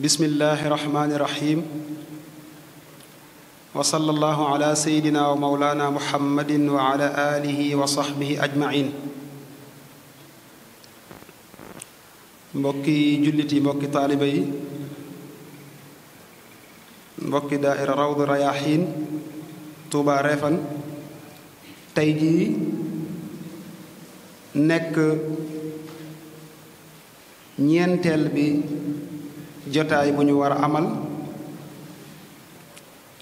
بسم الله الرحمن الرحيم وصلى الله على سيدنا ومولانا محمد وعلى اله وصحبه اجمعين مبكي جلتي مبكي طالبي مبكي دائره روض رياحين توبا ريفن تيجي نك نين تلبي jotaay bu ñu amal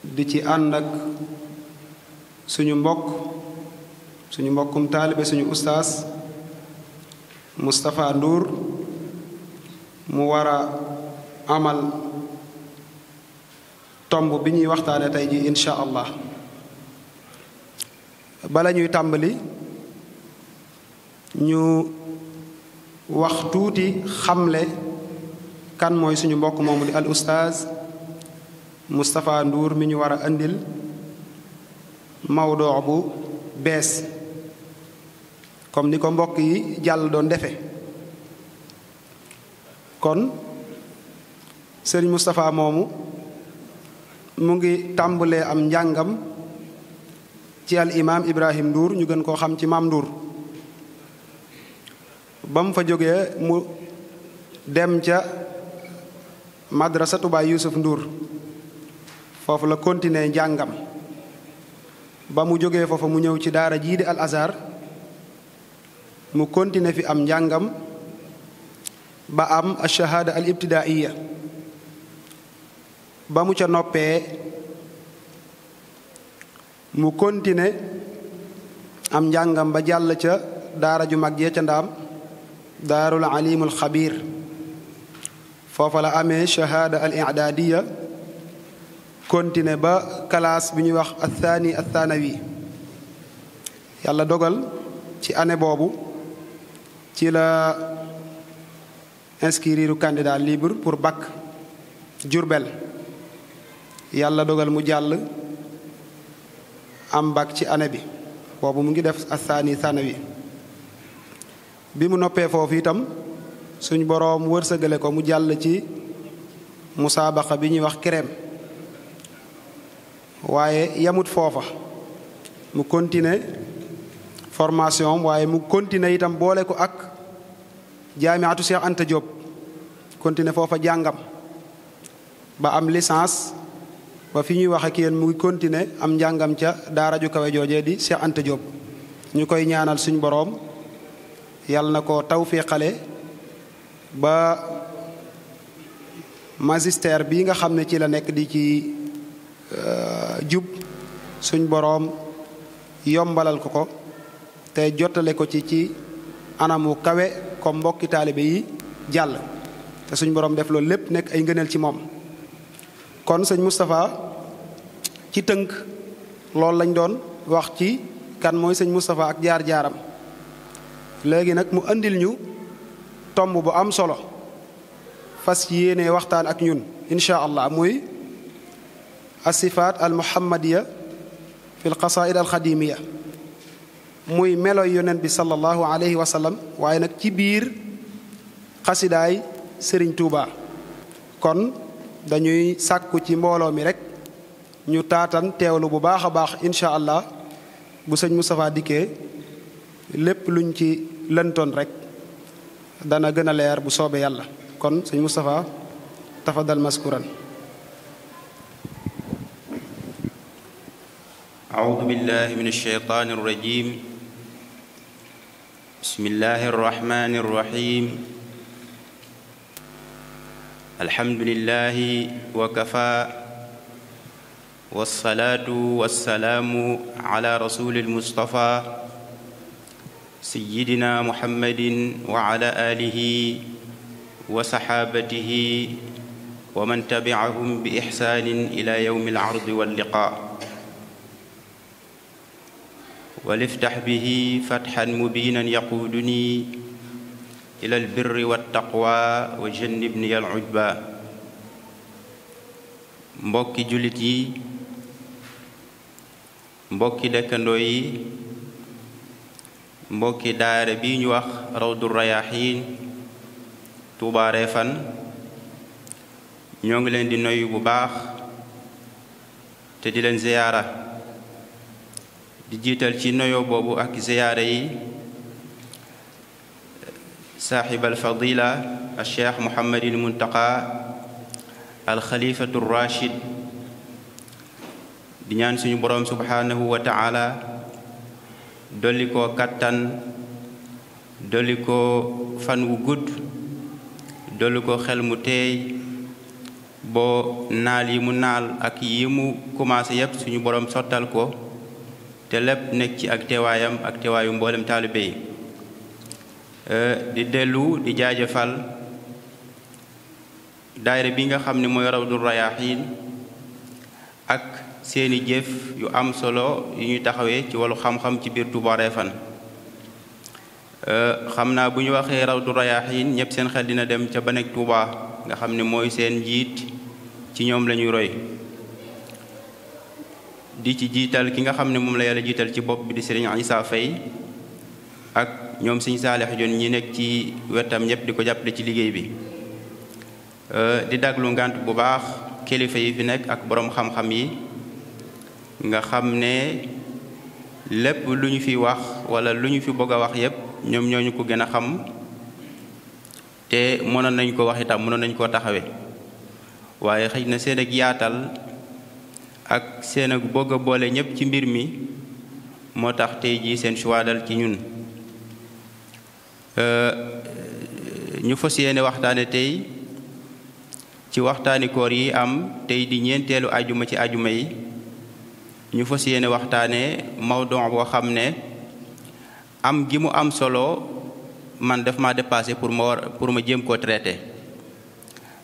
di ci ànd ak suñu mbokk suñu mbokkum taalibe suñu ustaas Moustapha Ndour mu war amal tomb bi ñuy waxtaane tey ji insha allah bala ñuy tàmbali ñu wax tuuti xamle kan mooy suñu mbokk moomu di al oustaz Moustapha Ndour mi ñu war a andil mawdoo bu bees comme ni ko mbokk yi jàll doon defe kon sëriñ Mustafa moomu mu ngi tàmbalee am njàngam ci al imam Ibrahim Ndour ñu gën koo xam ci mam Ndour ba mu fa jógee mu dem ca madrasatu Baay Yuusuf Nduur foofu la continuer njàngam ba mu jógee foofa mu ñëw ci daara jii di al azar mu continuer fi am njàngam ba am achahaada al ibtidaaiya ba mu ca noppee mu continuer am njàngam ba jàll ca daara ju mag jee ca ndaam daarul alimul xabiir foofa la amee shahada al i'dadiya continué ba classe bi wax athani athanawi yàlla dogal ci année boobu ci la inscrire candidat libre pour bac Diourbel yàlla dogal mu jàll am bac ci année bi boobu mu ngi def athani thanawi bi mu noppee itam suñ boroom wërsëgale ko mu jàll ci musaabaqa bi ñuy wax crème waaye yamut foofa mu continuer formation waaye mu continuer itam boole ko ak jaamiatu Cheikh Anta Diop continuer foofa jàngam ba am licence ba fi ñuy wax ak yéen mu ngi continuer am njàngam ca daara ju kawe joojee di Cheikh Anta ñu koy ñaanal suñ boroom yàlla na ko tawfiqale ba magistère bi nga xam ne ci la nekk di ci euh, jub suñ boroom yombalal ko ko te jottale ko ci ci anamu kawe ko mbokki taalibe yi jàll te suñ boroom def loolu lépp nekk ay ngëneel ci moom kon sëñ Moustapha ci tënk loolu lañ doon wax ci kan mooy sëñ Moustapha ak jaar-jaaram léegi nag mu indil ñu tomb bu am solo fas yéene waxtaan ak ñun incha allah muy asifaat al muhammadiya fi lqasaid al xadimiya muy meloy yonent bi sallallahu alayhi wa sallam waaye nag ci biir xasidaay sëriñ tuuba kon dañuy sàkku ci mbooloo mi rek ñu taatan teewlu bu baax a baax incha allah bu sëñ Moustapha dikkee lépp luñ ci lëntoon rek دانا گنا a بو bu soobee yàlla kon sëñ تفضل tafadal أعوذ بالله من الشيطان الرجيم بسم الله الرحمن الرحيم الحمد لله وكفى والصلاة والسلام على رسول المصطفى سيدنا محمد وعلى آله وصحابته ومن تبعهم بإحسان إلى يوم العرض واللقاء ولافتح به فتحا مبينا يقودني إلى البر والتقوى وجنبني العجبى مبكي جلتي مبكي لك dëkkandoo mbokki daayira bi ñu wax Rawdu rayahin Tuuba Refan ñoo ngi leen di nuyu bu baax te di leen ziyaara di jiital ci noyo boobu ak ziyaara yi صاحب الفضيلة الشيخ محمد المنتقى الخليفة الراشد di ñaan suñu boroom subhaanahu dolli ko kattan dolli ko fan wu gudd dolli ko xel mu teey boo naal yi mu naal ak yi mu commencé yépp suñu borom sottal ko te lépp nekk ci ak teewaayam ak teewaayu mboolem taalibe yi euh, di dellu di jaajëfal daayira bi nga xam ne mooy Rawdu Rayaahiin seeni jëf yu am solo yu ñu taxawé ci walu xam-xam ci biir Touba Refane euh, xam naa bu ñu waxee Rawdu Rayaahiin ñëpp seen xel dina dem ca banek Touba nga xam ne mooy seen njiit ci ñoom la ñuy roy di ci jiital ki nga xam ne moom la yàlla jiital ci bopp bi di Serigne Issa Faye ak ñoom Serigne Salih Jon ñi nekk ci wetam ñëpp di ko jàppale ci liggéey bi euh, di daglu ngant bu baax kilifa yi fi nekk ak borom xam-xam yi nga xam ne lépp lu ñu fi wax wala lu ñu fi bëgg a wax yépp ñoom ñoo ñu ko gën a xam te mënoon nañ ko wax itam mënoon nañ koo taxawe waaye xëy na seen ak yaatal ak séen ak bëgg boole ñépp ci mbir mi moo tax tey jii seen choix ci ñun euh, ñu fas yéene waxtaane tey ci waxtaani koor yi am tey di ñeenteelu ajuma ci ajuma yi ñu fas yéene waxtaanee mawdon boo xam ne am gi mu am solo man daf ma dépassé pour ma war pour ma jéem koo traité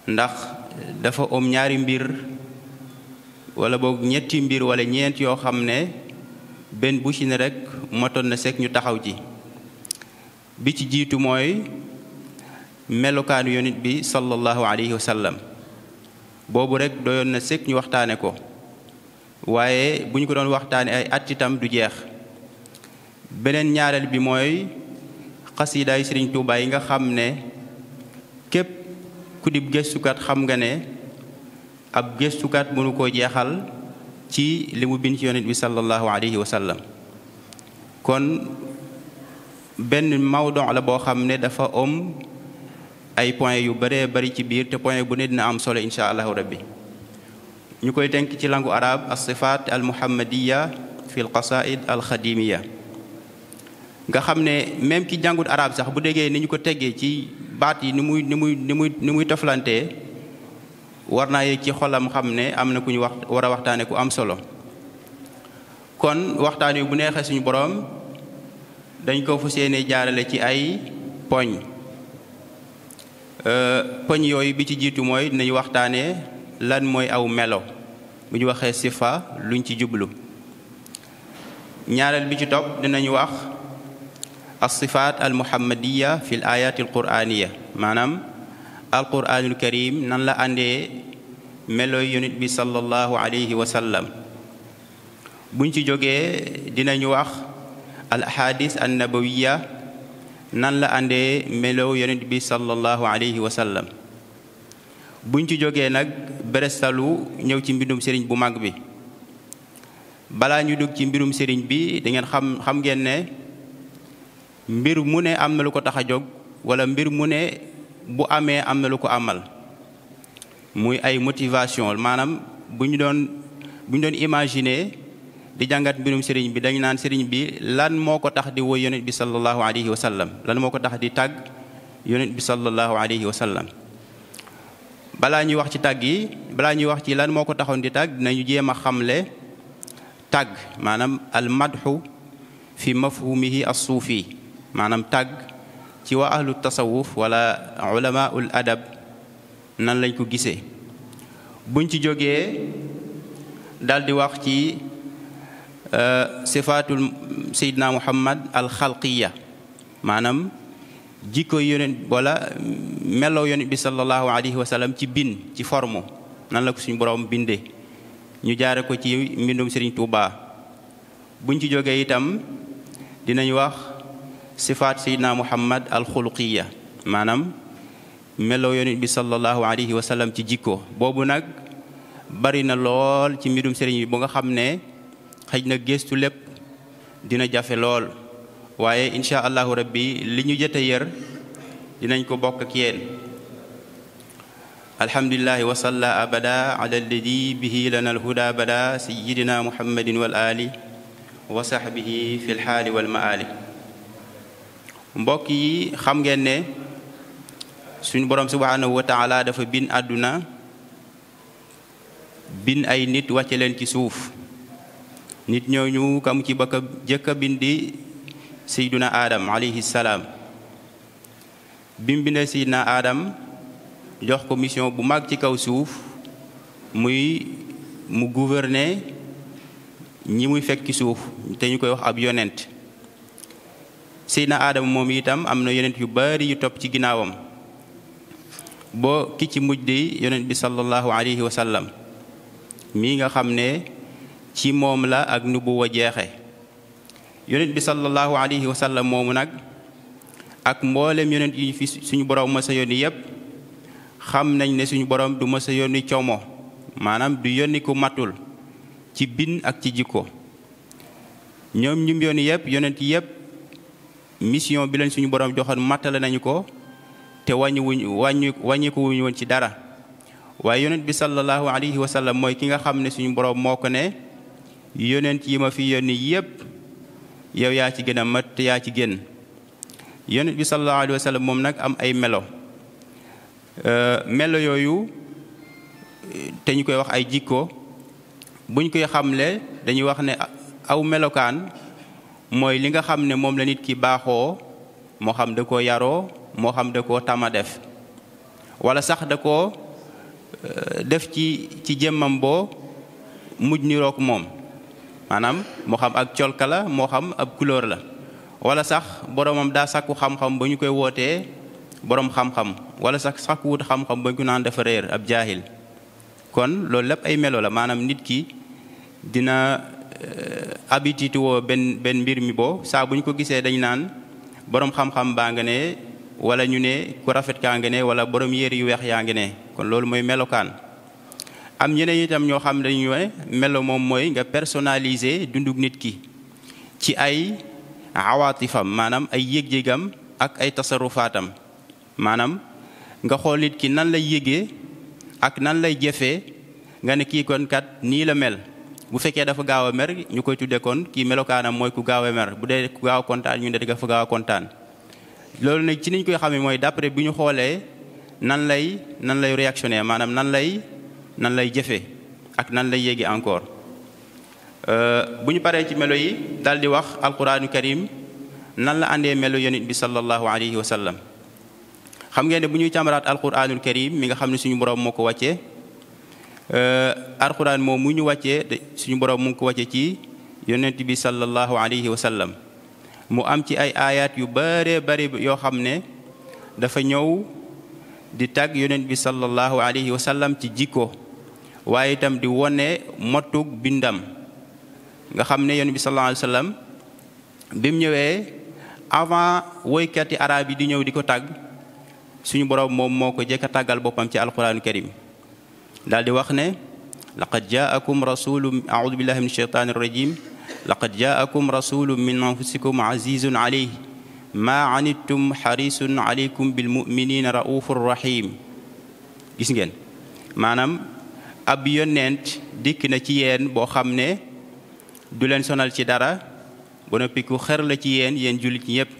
ndax dafa om ñaari mbir wala boog ñetti mbir wala ñeent yoo xam ne benn bu ci ne rek motoon na sek ñu taxaw ji bi ci jiitu mooy melokaanu yonit bi sallallahu alayhi wa sallam boobu rek doyoon na sek ñu waxtaane ko waaye bu ñu ko doon waxtaanee ay at itam du jeex beneen ñaareel bi mooy xasiidaay sëriñ Tuubaa yi nga xam ne képp ku di gëstukat xam nga ne ab gëstukat mënu koo jeexal ci li mu bind ci yonent bi sallallahu alayhi wa sallam kon benn mawdon la boo xam ne dafa om ay point yu baree bari ci biir te point bu ne dina am solo incha allahu rabbi ñu koy tënk ci langu arab as-sifaat al-muhammadiya fi al-qasaid al-xadimiya nga xam ne même ki jàngut araab sax bu déggee ni ñu ko teggee ci baat yi ni muy ni muy ni muy ni muy toflantee war naa yëg ci xolam xam ne am na ku ñu wax war a waxtaane ku am solo kon waxtaan wi bu neexee suñu boroom dañ ko fas yéene jaarale ci ay poñ euh, poñ yooyu bi ci jiitu mooy dinañ waxtaanee lan mooy aw melo bu ñu waxee sifa luñ ci jublu ñaareel bi ci topp dinañu wax alsifaat almuhammadiya fi l ayat alquraniya maanaam alquranul karim nan la àndee melooy yonit bi sallallahu alayhi wa sallam buñ ci jógee dinañu wax al ahadis annabawiya nan la àndee meloow yonit bi sallallahu alayhi wa sallam buñ ci jógee nag berestalu ñëw ci mbindum sëriñ bu mag bi balaa ñu dugg ci mbirum sëriñ bi dangeen xam xam ngeen ne mbir mu ne am na lu ko tax a jóg wala mbir mu ne bu amee am na lu ko amal muy ay motivation maanaam bu ñu doon bu doon imaginer di jàngat mbirum sëriñ bi dañu naan sëriñ bi lan moo ko tax di woy yonent bi sallallahu alayhi wa sallam lan moo ko tax di tàgg yonent bi sallallahu alayhi wa sallam bala ñuy wax ci tag yi bala ñuy wax ci lan moo ko taxoon di tag nañu jéem a xamle tag maanaam al madhu fi mafhumihi as suufi maanaam tag ci wa ahlu tasawuf wala ulamaul adab nan lañ ko gisee buñ ci jógee di wax ci sifatul sayidna muhammad al xalqiya maanaam jikko yonent wala meloo yonent bi sallallahu alayhi wa ci bind ci formo nan la ko suñ borom bindee ñu jaare ko ci mbindum Sëriñ Tuubaa buñ ci jógee itam dinañ wax sifaat sayyidina Muhammad alxuluqiya maanaam meloo yonent bi sallallahu alayhi wa ci jikko boobu nag bari na lool ci mbindum sëriñ bi bu nga xam ne xëj na gëstu lépp dina jafe lool waaye insha allahu rabbi li ñu jot a yër dinañ ko bokk ak yéen alhamdulillahi wa salla abada ala alladi bihi lana alhuda bada sayidina muhammadin wal ali wa sahbihi fi lxaali wal maali mbokk yi xam ngeen ne suñu borom subhanahu wa taala dafa bin àdduna bin ay nit wàcce leen ci suuf nit ñooñu kam ci bakka jëkka bindi seyduna aadam alayhi salaam bi mu bindee seyduna aadam jox ko mission bu mag ci kaw suuf muy mu gouverner ñi muy fekk ci suuf te ñu koy wax ab yonent seyduna aadam moom itam am na yonent yu bari yu topp ci ginnaawam boo ki ci mujj di yonent bi sallallahu alayhi wa mii nga xam ne ci moom la ak nubuwa jeexe yonent bi sallallahu alayhi wa sallam moomu nag ak mboolem yonent yi fi suñu borom mës a yónni yépp xam nañ ne suñu borom du mës a yónni coomo maanaam du yónni ku matul ci bin ak ci jikko ñoom ñum yónni yépp yonent yépp mission bi leen suñu borom joxoon mattale nañu ko te wàññiwuñ wàññi wàññiku wuñu ci dara waaye yonent bi sallallahu alayhi wa sallam mooy ki nga xam ne suñu borom moo ko ne yonent yi fi yónni yépp yow yaa ci gën a mat te yaa ci génn yonent bi sallallahu alayhi moom nag am ay melo euh, melo yooyu te ñu koy wax ay jikko buñ koy xamle dañuy wax ne aw melokaan mooy li nga xam ne moom la nit ki baaxoo moo xam da koo yaroo moo xam da koo tama def wala sax da koo euh, def ci ci jëmmam boo mujj niroog moom maanaam moo xam ak colka la moo xam ab couleur la wala sax boromam daa sakku xam-xam ba ñu koy wootee boroom xam-xam wala sax sakku wut xam-xam ba naan dafa réer ab jaahil kon loolu lépp ay melo la maanaam nit ki dina euh, habitude woo benn benn mbir mi boo bu ñu ko gisee dañ naan borom xam baa nga ne wala ñu ne ku rafet kaa nga ne wala borom yére yu weex yaa ngi ne kon loolu mooy melokaan. am ñeneen itam ñoo xam dañu ne melo moom mooy nga personnaliser dundu nit ki ci ay awaatifam maanaam ay yëg-yëgam ak ay tasarufaatam maanaam nga xool nit ki nan lay yëgee ak nan lay jëfee nga ne kii kon kat nii la mel bu fekkee dafa gaaw a mer ñu koy tuddee kon kii melokaanam mooy ku gaaw a mer bu dee ku gaaw a kontaan ñu ne dafa gaaw a kontaan loolu nag ci niñ koy xamee mooy d'après bi ñu xoolee nan lay nan lay réactionné maanaam nan lay nan lay jëfee ak nan lay yéegi encore euh, bu ñu paree ci melo yi daal di wax alquraanu karim nan la àndee melo yonit bi sallallahu alayhi wa sallam xam ngeen ne bu ñuy càmbaraat alquraanul karim mi nga xam ne suñu boroom moo ko wàccee euh, alquraan moom mu ñu wàccee suñu boroom mu ngi ko wàccee ci yonent bi sallallahu alayhi wa sallam mu am ci ay ayaat yu bare bari yoo xam ne dafa ñëw di tàgg yonent bi sallallahu alayhi wa sallam ci jikko waaye itam di wone mottug bindam nga xam ne yonent bi sallallahu alayhi wa sallam bi mu ñëwee avant woykati arab yi di ñëw di ko tàgg suñu borom moom moo ko jëkk a tàggal boppam ci alquran karim daal di wax ne laqad jaakum rasulu audu billahi min alsheytani rajim laqad jaakum rasulu min anfusikum azizun alayh ma anittum xarisun alaykum bilmuminina raufur rahim gis ngeen maanaam ab yonent dikk na ci yeen boo xam ne du leen sonal ci dara ba noppi xër la ci yéen yéen jullit ñi yépp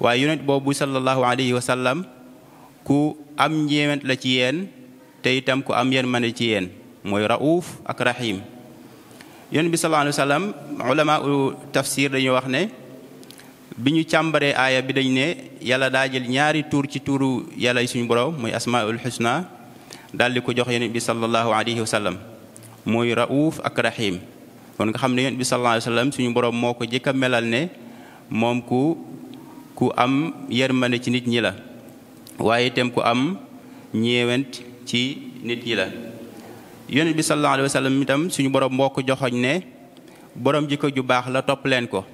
waaye yonent boobu sallallahu alayhi wa sallam ku am njéemant la ci yéen te ku am mane ci yéen mooy rauuf ak rahim yonent bi sallallahu alayhi wa sallam ulama u wax ne bi ñu càmbaree aaya bi dañ ne yàlla daa ñaari tuur ci tuuru yàlla suñu borom muy asmaul husna dal di ko jox yenen bi sallallahu alayhi wa sallam mooy rauf ak rahim kon nga xamne yenen bi sallallahu alayhi wa sallam suñu borom moko ko melal ne mom ku ku am yermane ci nit ñi la waye tem ku am ñewent ci nit ñi la yenen bi sallallahu alayhi wa sallam itam suñu borom moko joxoj ne borom jikko ju bax la top len ko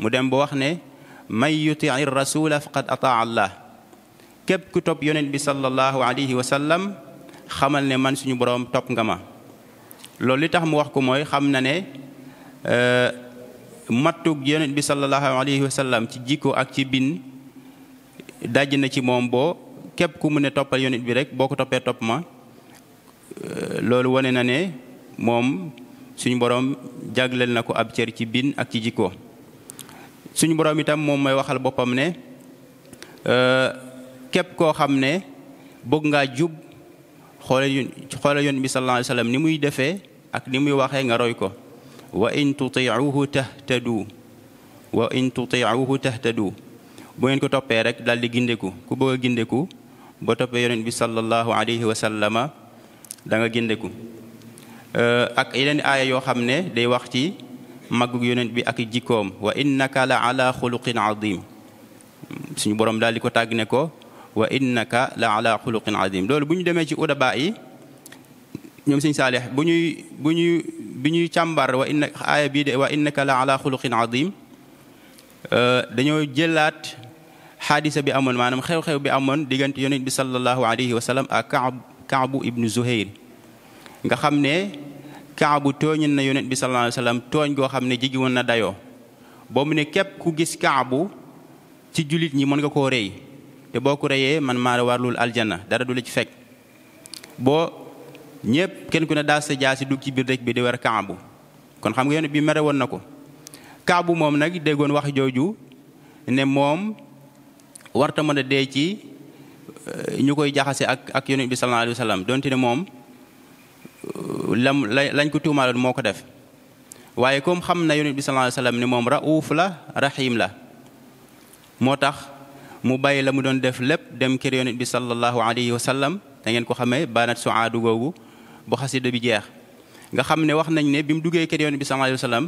mu dem bo wax ne may yuti'ir rasul faqad ataa allah kep ku top yonent bi sallallahu alayhi wa sallam xamal ne man suñu borom topp nga ma loolu li tax mu wax ko mooy xam na ne euh, mattug yonent bi sallallahu alayhi wa sallam ci jikko ak ci bin daj na ci moom boo képp ku mu ne toppal yonent bi rek boo ko toppee topp ma euh, loolu wane na ne moom suñu borom ko ab cër ci bin ak ci suñu borom itam moom mooy waxal ne euh, képp kep ko ne bëgg ngaa jub xoolal yu xoolal yoon bi sallallahu alayhi wa sallam ni muy defee ak ni muy waxee nga roy ko wa in tutiuhu tahtadu wa in tutiuhu tahtadu bu ngeen ko toppee rek daal di gindeku ku bëgg a gindeku boo toppee yonent bi sallallahu alayhi wa sallama da nga gindeku ak yeneen aaya yoo xam ne day wax ci màggug yonent bi ak jikkoom wa innaka la ala xuluqin azim suñu borom daal di ko tàgg ne ko وإنك لعلى خلق عظيم لول بني دمي جي أودا بائي نيوم سين صالح بني بني بني تامبار وإن آية بيد وإنك لعلى خلق عظيم دانيو جيلات حادثة بي أمون مانام خيو خيو بي أمون ديغانت يونيت بي صلى الله عليه وسلم أكعب كعب ابن زهير nga xamne kaabu togn na yonent bi sallallahu alaihi wasallam togn go xamne jigi won na dayo bo mu ne kep ku gis kaabu ci julit ñi mon nga ko reey te boo ko reyee man maa warlul aljanna dara du la ci fekk bo ñëpp kenn ku ne daas sa jaasi dugg ci biir rek bi di war kaabu kon xam nga yoon bi mere woon na ko kaabu moom nag déggoon wax jooju ne moom warta mën a dee ci euh, ñu koy jaxase ak ak yonent bi sallallahu alayhi donte ne moom euh, lam lañ ko tuumaaloon moo ko def waaye comme xam na yonent bi sallallahu ne moom rauf la rahim la moo tax mu bàyyi la mu doon def lépp dem kër yonent bi sallallahu alayhi wa sallam ngeen ko xamee baanat su aadu googu bu xasida bi jeex nga xam ne wax nañ ne bi mu duggee kër yonent bi sallallahu alayhi wa sallam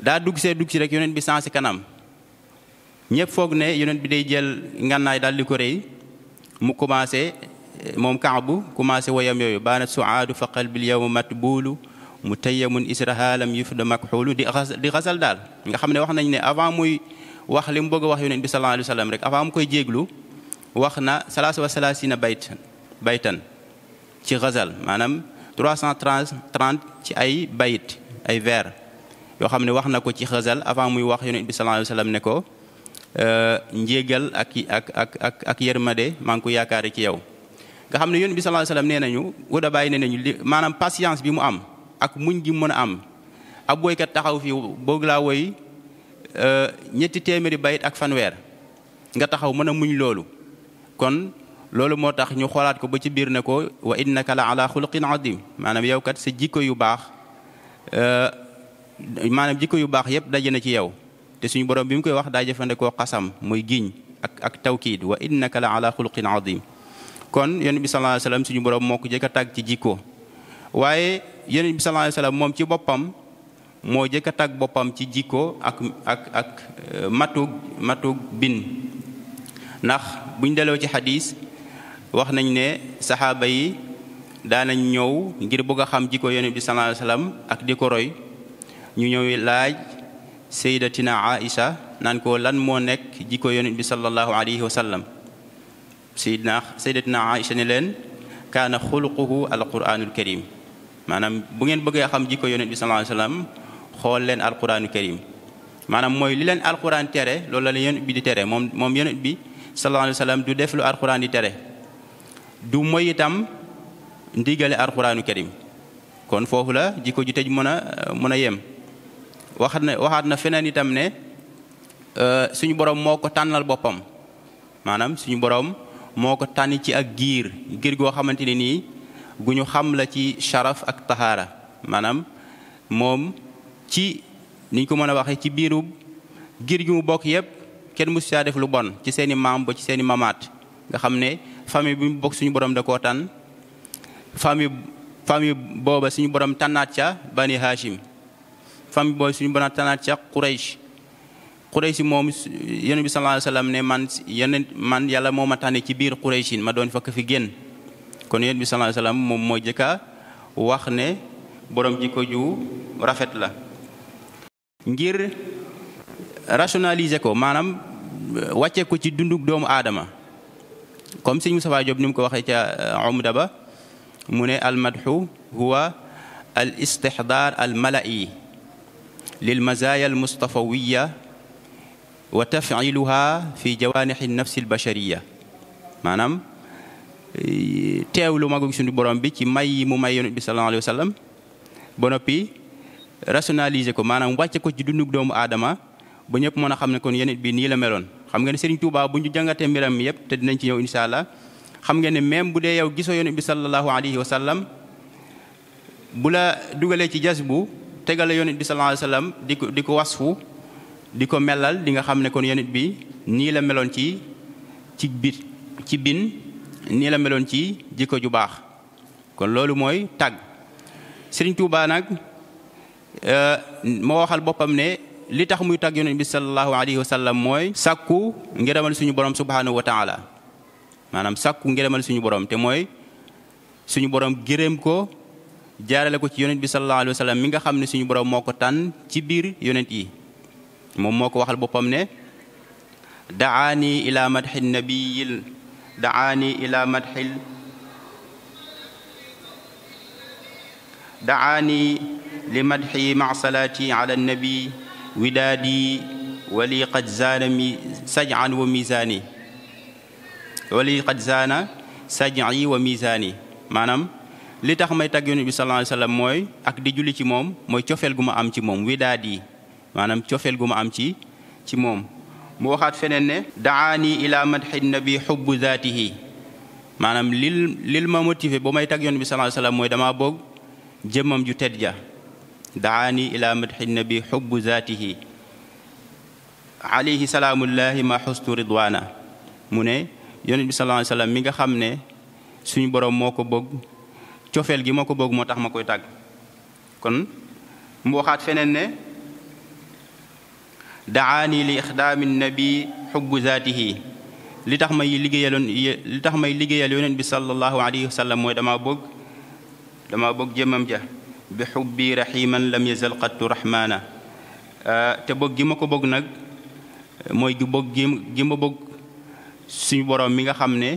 daa dugg see dugg si rek yonent bi sansi kanam ñëpp foog ne yonent bi day jël ngànnaay daal di ko rëy mu commencé moom bu commencé woyam yooyu baanat su aadu fa qalbil yawma matbuulu mu tayyamun israhalam yuf da makxulu di xas di xasal daal nga xam ne wax nañ ne avant muy wax li mu bëgg a wax yonent bi sallallahu alayhi wa rek avant mu koy jéeglu wax na salaas wa salaasina baytan baytan ci ghazal maanaam cent 330 ci ay bayit ay ver yoo xam ne wax na ko ci ghazal avant muy wax yonent bi sallallahu alayhi wa ne ko euh, njéegal ak ak ak ak ak yërmade maa ngi ko yaakaare ci yow nga xam ne yonent bi sallallahu alayhi wa sallam nee nañu wuda bàyyi nee nañu li maanaam patience bi mu am ak muñ gi mën a am ab woykat taxaw fii boog laa woy ñetti téméri bayit ak fanweer nga taxaw mën muñ loolu kon loolu moo ñu xoolaat ko ba ci biir ne ko wa innaka la ala xuluqin adim maanaam yow kat sa jikko yu baax maanaam jikko yu baax yépp daje ci yow te suñu borom bi mu koy wax daa jëfandikoo xasam muy giñ ak ak tawkiid wa innaka la ala xuluqin adim kon yonent bi sallallahu alayhi wasallam suñu borom moo ko jëkk ci jikko waaye yonent bi sallallahu alayhi wasallam moom ci boppam moo jëkk a tag boppam ci jikko ak ak ak matug euh, matug bin ndax buñ deloo ci xadis wax nañ ne saxaaba yi daanañ ñëw ngir bëgg a xam jikko yonent bi sallallahu alayhi wasallam ak di ko roy ñu ñëw laaj sayyidatina Aïcha naan ko lan moo nekk jikko yonent bi sallallahu alayhi wasallam sayyidina sayyidatina Aïcha ne leen kaana al alquranul karim maanaam bu ngeen bëggee xam jikko yonent bi sallallahu alayhi xool leen alquraanu karim maanaam mooy li leen alquran tere loolu la yonent bi di tere moom moom yonent bi sallallahu alayhi wa du def lu alquran di tere du moy itam ndigale alquraanu karim kon foofu la jikko ju tëj mën a mën a yem waxaat na waxaat na feneen itam ne euh, suñu borom moo ko tànnal boppam maanaam suñu borom moo ko tànn ci ak giir giir goo xamante ni nii gu ñu xam la ci sharaf ak tahaara maanaam moom ci niñ ko mën a waxee ci biiru gir gi mu bokk yépp kenn musu def lu bon ci seeni maam ba ci seeni mamaat nga xam ne famille bi mu bokk suñu borom da koo tànn famille famille booba suñu borom tànnaat ca bani hashim famille boobu suñu borom tànnaat ca quraish quraish moom yonent bi sallallahu alayhi wasallam ne man yonent man yàlla moo ma tànne ci biir quraish ma doon fakk fi génn kon yonent bi sallallahu alayhi wasallam moom moo jëkka wax ne borom jikko ju rafet la ngir rationaliser ko manam wàcce ko ci dunduk doomu adama comme seigne Moustapha job nim ko waxe ci umda ba mune al madhu huwa al istihdar al mala'i lil mazaya al mustafawiyya wa taf'iluha fi jawanih al nafs al bashariyya manam tewlu magu suñu borom bi ci may mu may yunus bi sallallahu alayhi wasallam bonopi rationaliser ko manam wàcce ko ci dundug doomu adama ba ñepp mëna xamne kon yeneen bi ni la meloon xam nga ni serigne touba buñu jangate jàngatee mbiram yépp te dinañ ci ñew inshallah xam nga ni même bu dé yow gisoo yonent bi sallallahu alayhi wa sallam bu la duggalé ci jazbu tégalé tegale bi sallallahu alayhi wa sallam diko diko wasfu diko melal di nga xamne kon bi ni la meloon ci ci bit ci bin ni la meloon ci jikko ju baax kon lolu moy tag serigne touba nag Euh, moo waxal boppam ne li tax muy tag yonent bi sallallahu alayhi wa sallam mooy sàkku ngërëmal suñu borom subhanahu wa taala maanaam sàkku ngërëmal suñu borom te mooy suñu borom gërëm ko jaarale ko ci yonent bi sallallahu alayhi wa mi nga xam ne suñu borom moo ko tànn ci biir yonent yi moom moo ko waxal boppam ne daani ila madxi nabiyil daani ila madxil daani لمدحي مع صلاتي على النبي ودادي ولي قد زان سجعا وميزاني ولي قد زان saj'i wa misaani maanaam li tax may tag yonent bi sallallahu alayhi wasallam mooy ak di julli ci moom mooy cofeel gu ma am ci moom widaad yi maanaam cofeel gu ma am ci ci moom mu waxaat feneen ne daani ila madhi nabi hubbu zaatihi maanaam lil lil ma motivé ba may tag yonent bi sallallahu alayhi wasallam mooy damaa boog jëmmam ju tedd ja دعاني إلى مدح النبي حب ذاته alayhi salaamullahi ma xusnu ridwaana mu ne yonent bi sallallahu alayhi wasallam mi nga xam ne suñu borom moo ko bëgg cofeel gi moo ko bëgg moo tax ma koy tàgg kon mu waxaat feneen ne daani li ixdaami nabi xubbu zaatihi li tax may liggéeyaloon li tax may liggéeyal yonent bi sallallahu alayhi wasallam mooy dama bëgg dama bëgg jëmmam ja بحبي رحيما لم يزل قد رحمانا te bëgg gi ma ko bëgg nag mooy gi bëgg gi gi ma bëgg suñu borom mi nga xam ne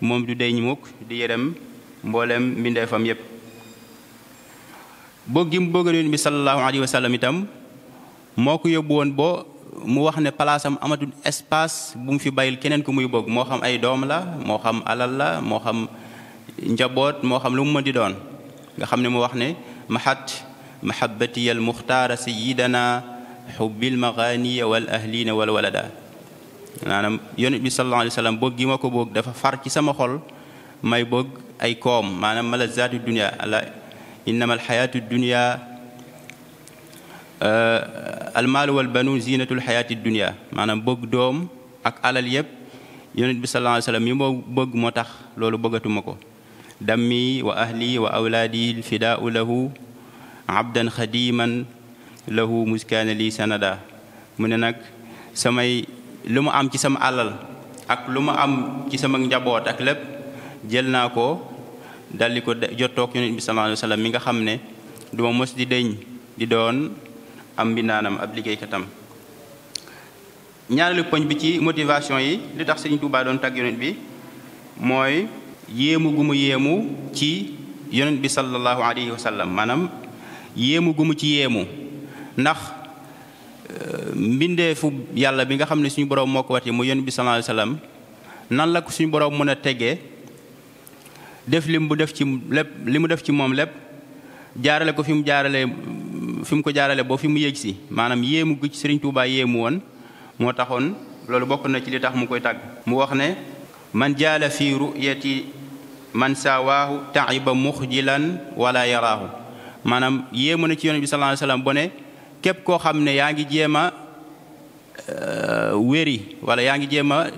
moom du deñ mukk di yërëm mboolem mbindeefam yépp bëgg gi mu bëgg yonent bi sallallahu alayhi wa sallam itam moo ko yóbbu woon boo mu wax ne palaasam amatul espace bu mu fi bàyyil keneen ku muy bëgg moo xam ay doom la moo xam alal la moo xam njaboot moo xam lu mu mën di doon nga xam ne mu wax ne محت محبتي المختار سيدنا حب المغاني والأهلين والولداء maanaam yonent bi sallallahu alayhi wa sallam bëgg gi ma ko bëgg dafa far ci sama xol may bëgg ay koom maanaam malazaatu dunia ala innama alxayaatu dunia almaalu wal banuun ziinatul xayaati dunia maanaam bëgg doom ak alal yépp yonent bi sallallahu alayhi wa sallam yi ma bëgg moo tax loolu bëggatuma ko dammi wa ahli wa awlaadi fidaau lahu abdan xadiman lahu muskaana li sanada mu ne nag samay lu mu am ci sama alal ak lu ma am ci sama njaboot ak lépp jël naa ko daldi ko jottoog yonent bi sallallahu wa sallam mi nga xam ne duma mos di dëñ di doon am mbindaanam ab liggéeykatam ñaareelu poñ bi ci motivation yi li tax Sëriñ Tuubaa doon tag yonent bi mooy yéemu gu mu yéemu ci yonent bi sallallahu alayhi wa sallam maanaam yéemu gu mu ci yéemu ndax euh, mbindeefu yàlla bi nga xam ne suñu boroom moo ko wati mu yonent bi sallallahu alayhi wa nan la ko suñu boroom mën a tegee def li mu def ci lépp li mu def ci moom lépp jaarale ko fi mu jaarale fi mu ko jaarale boo fi mu yéeg si maanaam yéemu gu ci Sëriñ yéemu woon moo taxoon loolu bokk na ci li tax mu koy tàgg mu wax ne man jaala fi ruyati man saawaahu taiba muxjilan wala yaraahu maanaam yéemu na ci yonent bi sallallahu alayhi wasallam bo ne képp koo xam ne yaa ngi jéem a wéri wala yaa ngi jéem a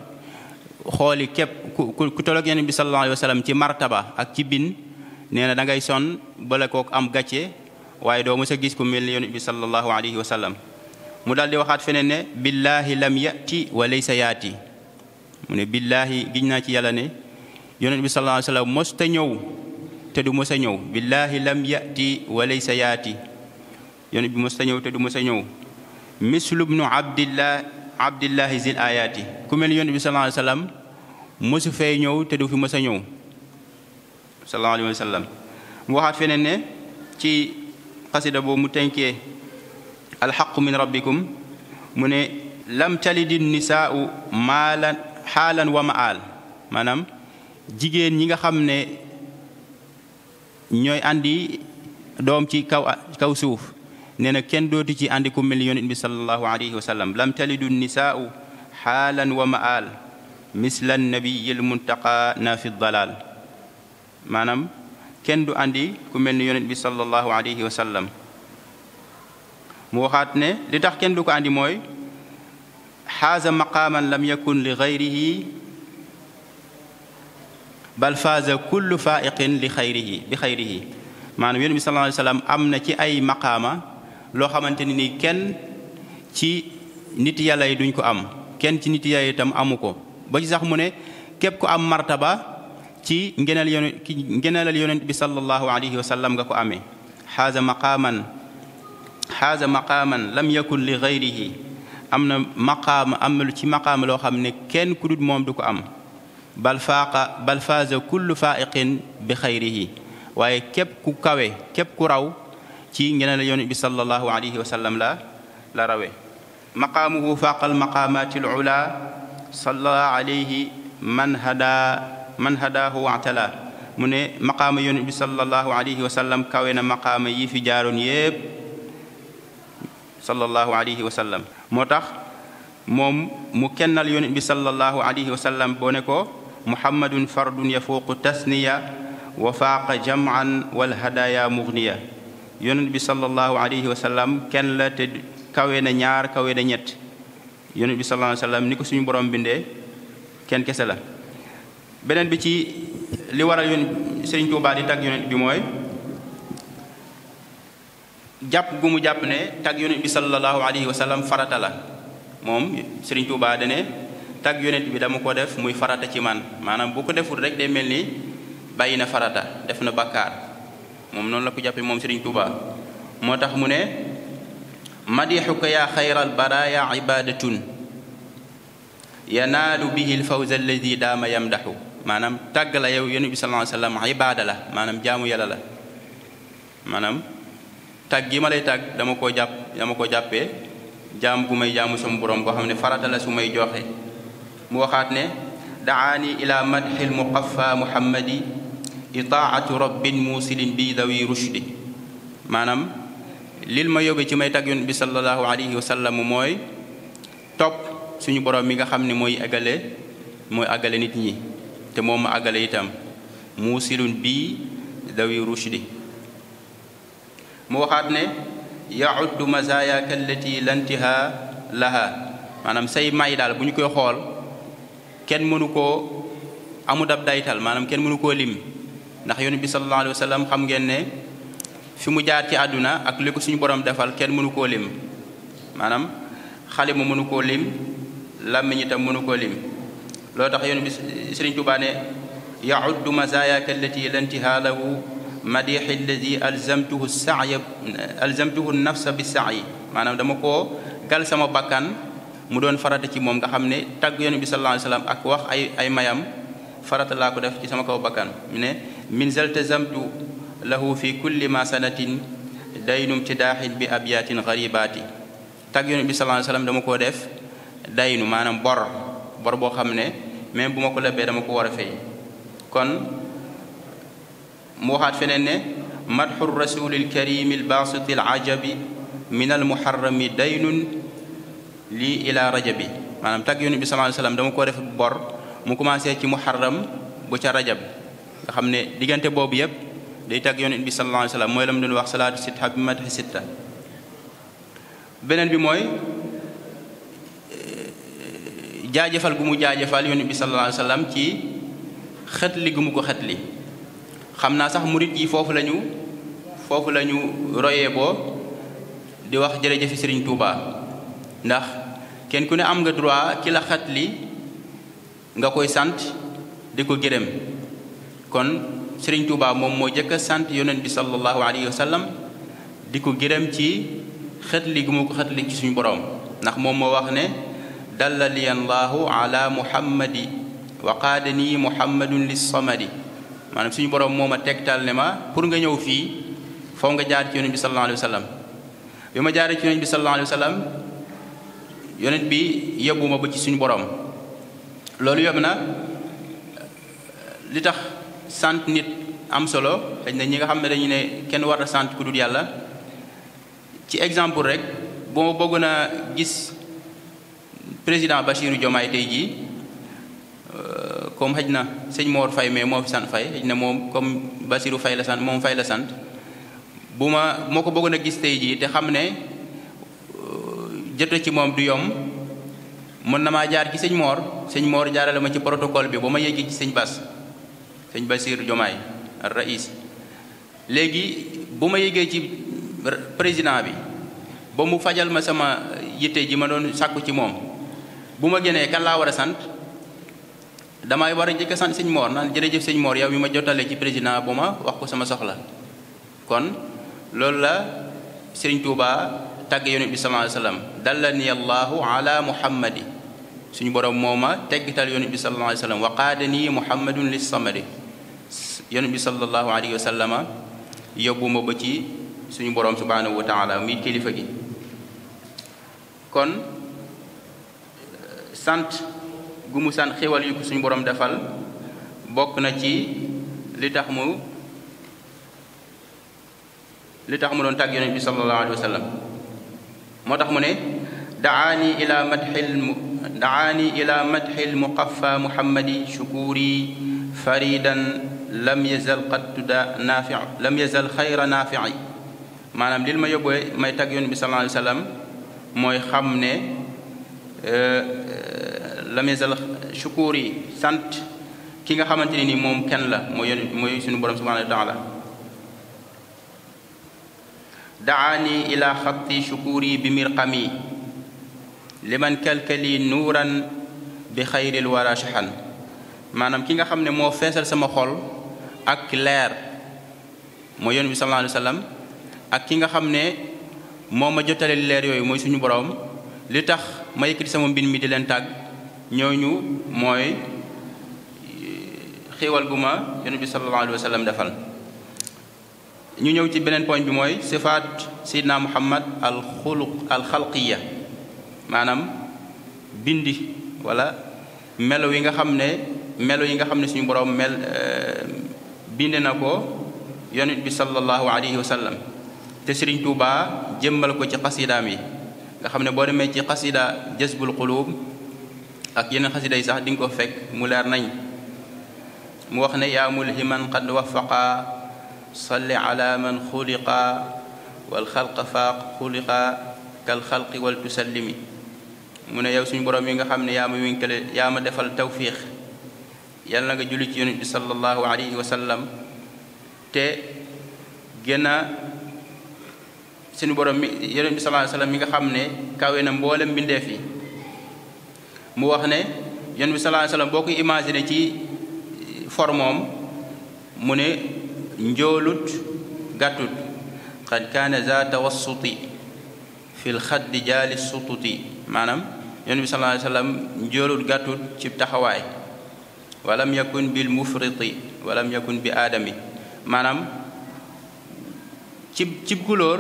xooli képp ku ku tolog yonent bi sallallahu alayhi wasallam ci martaba ak ci bin nee da ngay son bala kook am gàcce waaye doo mës gis ku mel ni bi sallallahu alayhi wasallam mu daal di waxaat ne billaahi lam yati wa laysa yaati mu ne billaahi ci yàlla ne yonent bi sallallahu alayhi wa sallam mos ta ñëw te du mos a ñëw billahi lam yati wa laysa yaati yonent bi mos ta ñëw te du mos a ñëw mislu bnu abdillah abdillahi zil ayaati ku mel yonent bi sallallahu alayhi wa sallam mosu fee ñëw te du fi mos a ñëw sallallahu alayhi wa sallam mu waxaat feneen ne ci xasida boobu mu tënkee alxaqu min rabbikum mu ne lam talidi nisaau maalan xaalan wa maal maanaam jigéen ñi nga xam ne ñooy andi doom ci kaw kaw suuf nee na kenn dootu ci andi ku mel yonent bi sallallahu alayhi wa sallam lam talidu nisaa'u xaalan wa ma'al misla nabiyil muntaka na fi dalal maanaam kenn du andi ku mel ni yonent bi sallallahu alayhi wa sallam mu waxaat ne li tax kenn du ko andi mooy xaaza maqaaman lam yakun li gayrihi bal faaza kullu faiqin li xayrihi bi xayrihi maanaam yonent bi sallallahu alayhi wasallam am na ci ay maqaama loo xamante ni nii kenn ci nit yàlla yi duñ ko am kenn ci nit yàlla yi itam amu ko ba ci sax mu ne képp ko am martaba ci ngeneel yonent ngeneelal yonent bi sallallahu alayhi wasallam nga ko amee xaaza maqaaman xaaza maqaaman lam yakun li xayrihi am na maqaama am na ci maqaama loo xam ne kenn ku dut moom du ko am bal faaqa bal faaza kullu faa'iqin bi xayrihi waaye képp ku kawe képp ku raw ci ngeneen la yonent bi sallallahu alayhi wa sallam la la rawe maqaamuhu faaqal maqaamaati lula salla alayhi man hada man hadaahu watala mu ne maqaama yonent bi sallallahu alayhi wa sallam kawe na maqaama yi fi jaaroon yépp sallallahu alayhi wa sallam moo tax moom mu kennal yonent bi sallallahu alayhi wa sallam boo ne ko muhammadun fardun yafuuqu tasniya wa faaqa jaman walhadaya mugniya yonent bi sallallahu alayhi wa kenn la te kawe na ñaar kawe na ñett yonent bi sallallahu alayhi ni ko suñu borom bindee kenn kese la beneen bi ci li waral yoon bi mooy jàpp gu mu jàpp ne tag yonent bi sallallahu alayhi wa farata la moom sëriñ Tuubaa dane tag yonent bi dama ko def muy farata ci man manam bu ko deful rek day melni bayina farata def na bakar mom non la ko mom serigne tuba motax tax mu ne madixuka ya baraya ibadatun yanaalu bihi lfawza alladi daama yamdaxu maanaam manam la yow yonent bi alaihi sallam ibaada la manam la manam tag gi ma tag dama ko japp dama ko jappé jam gumay jamu jaamu borom xamné farata la sumay joxé موخات نه دعاني الى مدح المقفى محمدي اطاعه رب موسل بي ذوي رشد مانام ليل ما يوبي تي ماي تاك يون بي صلى الله عليه وسلم موي توب سونو بروم ميغا خامني موي اغالي موي اغالي نيت ني تي موم اغالي ايتام موسل بي ذوي رشد موخات يعد مزاياك التي لنتها لها مانام سي ماي دال بو نكوي خول ken munuko koo amut ab daytal maanaam kenn mënu koo lim ndax yonent bi sallallahu alayhi wa xam ngeen ne fi mu jaar ci àdduna ak li suñu borom defal ken mënu koo lim maanaam xale mu mënu koo lim làmmiñ itam mënu koo lim loolu tax yonent bi Sëriñ Tuubaa ne yauddu mazaayaka allati la intihaa lahu madixi alladi alzamtuhu saaya alzamtuhu nafsa bi saayi maanaam dama koo gal mu doon farata ci moom nga xam ne tagg yonent bi sallallahu alayhi wasallam ak wax ay ay mayam farata laa ko def ci sama kaw bakkan mu ne min zaltazamtu lahu fi kulli ma sanatin daynum ci daaxin bi abyatin garibaati tagg yonent bi sallallahu alayhi wasallam dama koo def daynu maanaam bor bor boo xam ne même bu ma ko lebee dama ko war a fay kon mu waxaat feneen ne madxu rasulil karim al basit ajabi min al muharrami daynun lii ila rajabi maanaam tag yonent bi sallallahu alayhi wasallam dama ko def bor mu commencé ci muharram bu ca rajab nga xam ne diggante boobu yépp day tag yoon bi sallallahu alayhi wasallam mooy la doon wax salaatu sitta bi madh sitta beneen bi mooy eh, jaajëfal gu mu jaajëfal yonent bi sallallahu alayhi wasallam ci xetli gu mu ko xetli xam naa sax murit yi foofu lañu foofu lañu royee boo di wax jërëjëfi Sëriñ Tuubaa ndax kenn ku ne am nga droit ki la xat li nga koy sant di ko gërëm kon Serigne Touba mom mo jëk a sant yonent bi sallallahu alayhi wasallam sallam di ko gërëm ci xat li gumu ko xat li ci suñu borom ndax mom mo wax ne dalla allah ala muhammadi wa qadani muhammadun lis-samadi manam suñu borom moma tektal ne ma pour nga ñëw fi fo nga jaar ci yonent bi sallallahu alayhi wasallam bima jaar ci yonent bi sallallahu alayhi wasallam yonent bi yóbbuma ba ci suñu borom loolu yomb na li tax sant nit am solo xëy na ñi nga xam ne dañu ne kenn war a sant ku dul yàlla ci exemple rek bu ma bëggoon a gis président Bassirou Diomaye tey jii euh, comme xëj na sëñ Mor fay mais moo fi sant fay xëj na moom comme Bassirou fay la sant moom fay la sant bu ma moo ko bëggoon a gis tey jii te xam ne jote ci moom du yom mën na maa jaar ci sëñ moor sëñ moor jaarale ma ci protocole bi ba ma yegg ci sëñ bas sëñ Basiir Jomaay ar rais léegi bu ma yégee ci président bi ba mu fajal ma sama yitte ji ma doon sàkku ci moom bu ma génnee kan laa war a sant damay war a njëkk a sant sëñ moor naan jërëjëf sëñ moor yow mi ma jotalee ci président bu ma wax ko sama soxla kon loolu la sëriñ Tuubaa tagge yonent bi sallallahu alayhi wasallam dallani allah ala muhammad suñu borom moma teggital yonent bi sallallahu alayhi wasallam wa qadani muhammadun lis samad yonent bi sallallahu alayhi wasallam yobuma ba ci suñu borom subhanahu wa taala mi kilifa gi kon sante gumu mu xéwal yu ko suñu borom defal bok na ci li tax mu li tax mu don tag yonent bi sallallahu alayhi wasallam موتاخ موني دعاني الى مدح الم... دعاني الى مدح المقفى محمد شكوري فريدا لم يزل قد تدا نافع لم يزل خير نافع مانام ليل ما يوبو ما تاغ يوني صلى الله عليه وسلم موي خامني آه،, أه... لم يزل شكوري سانت كيغا خامتيني ني موم كين لا موي موي سونو بروم سبحانه وتعالى دعاني إلى خط شكوري بمرقمي لمن كلك لي نورا بخير الورى شحن مانام كيغا خامني مو فنسل سما خول اك لير مو يونس صلى الله عليه وسلم اك كيغا خامني موما جوتال لير يوي موي سونو بروم لي تخ ما يكري سما بين مي دي لن تاغ نيو نيو موي خيوال غوما يونس صلى الله عليه وسلم دفن ñu ñëw ci beneen point bi mooy sifaat sidna muhammad al xuluq al xalqiya maanaam bindi wala melo yi nga xam ne melo yi nga xam ne suñu borom mel euh, bind na ko yonit bi sallallahu alayhi wa sallam te serigne touba jëmmal ko ci xasidaam yi nga xam ne boo demee ci qasida jazbul qulub ak yeneen xasida yi sax di nga ko fekk mu leer nañ mu wax ne yaa mulhiman qad waffaqa صل على من خلق والخلق فاق خلق كالخلق والتسلم mu ne yow suñu borom yi nga xam ne yaa ma winkale yaa ma defal tawfiix yàlla na nga julli ci yonent bi sallallahu alayhi wa sallam te gën a suñu borom mi yonent bi sallallahu alayhi wa sallam mi nga xam ne kawe na mboolem mbindeef yi mu wax ne yonent bi sallallahu alayhi wa sallam boo ko imaginé ci formoom mu ne نجولت قتت قد كان ذات وسط في الخد جال السطط مانام يونس صلى الله عليه وسلم نجولت قتت تشب تخواي ولم يكن بالمفرط ولم يكن بآدم مانام شب تشب كلور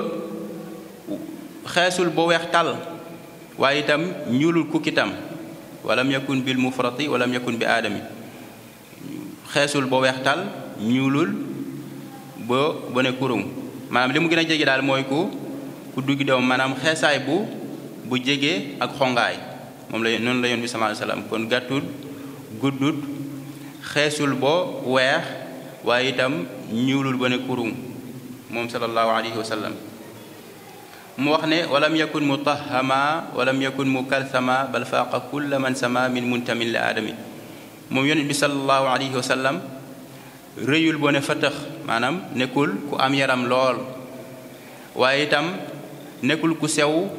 خاسل بويخ تل وايتام نيولul kukitam ولم يكن بالمفرط ولم يكن بآدم خاسل بويخ تال نيولul ba ba ne kurum manam limu gëna jege dal moy ku ku duggi doom manam xéssay bu bu jege ak xongaay mom la non la yoon bi sallallahu alayhi wasallam kon gàttul guddut xéssul bo wéx waye itam ñuulul ba ne kurum mom sallallahu alayhi wasallam mu wax ne walam yakun mutahama walam yakun mukalsama bal faqa kulla man sama min muntamin li aadami moom yonent bi sallallahu alayhi wasallam rëyul bo ne fatax manam nekul ku am yaram lol waye itam nekul ku sew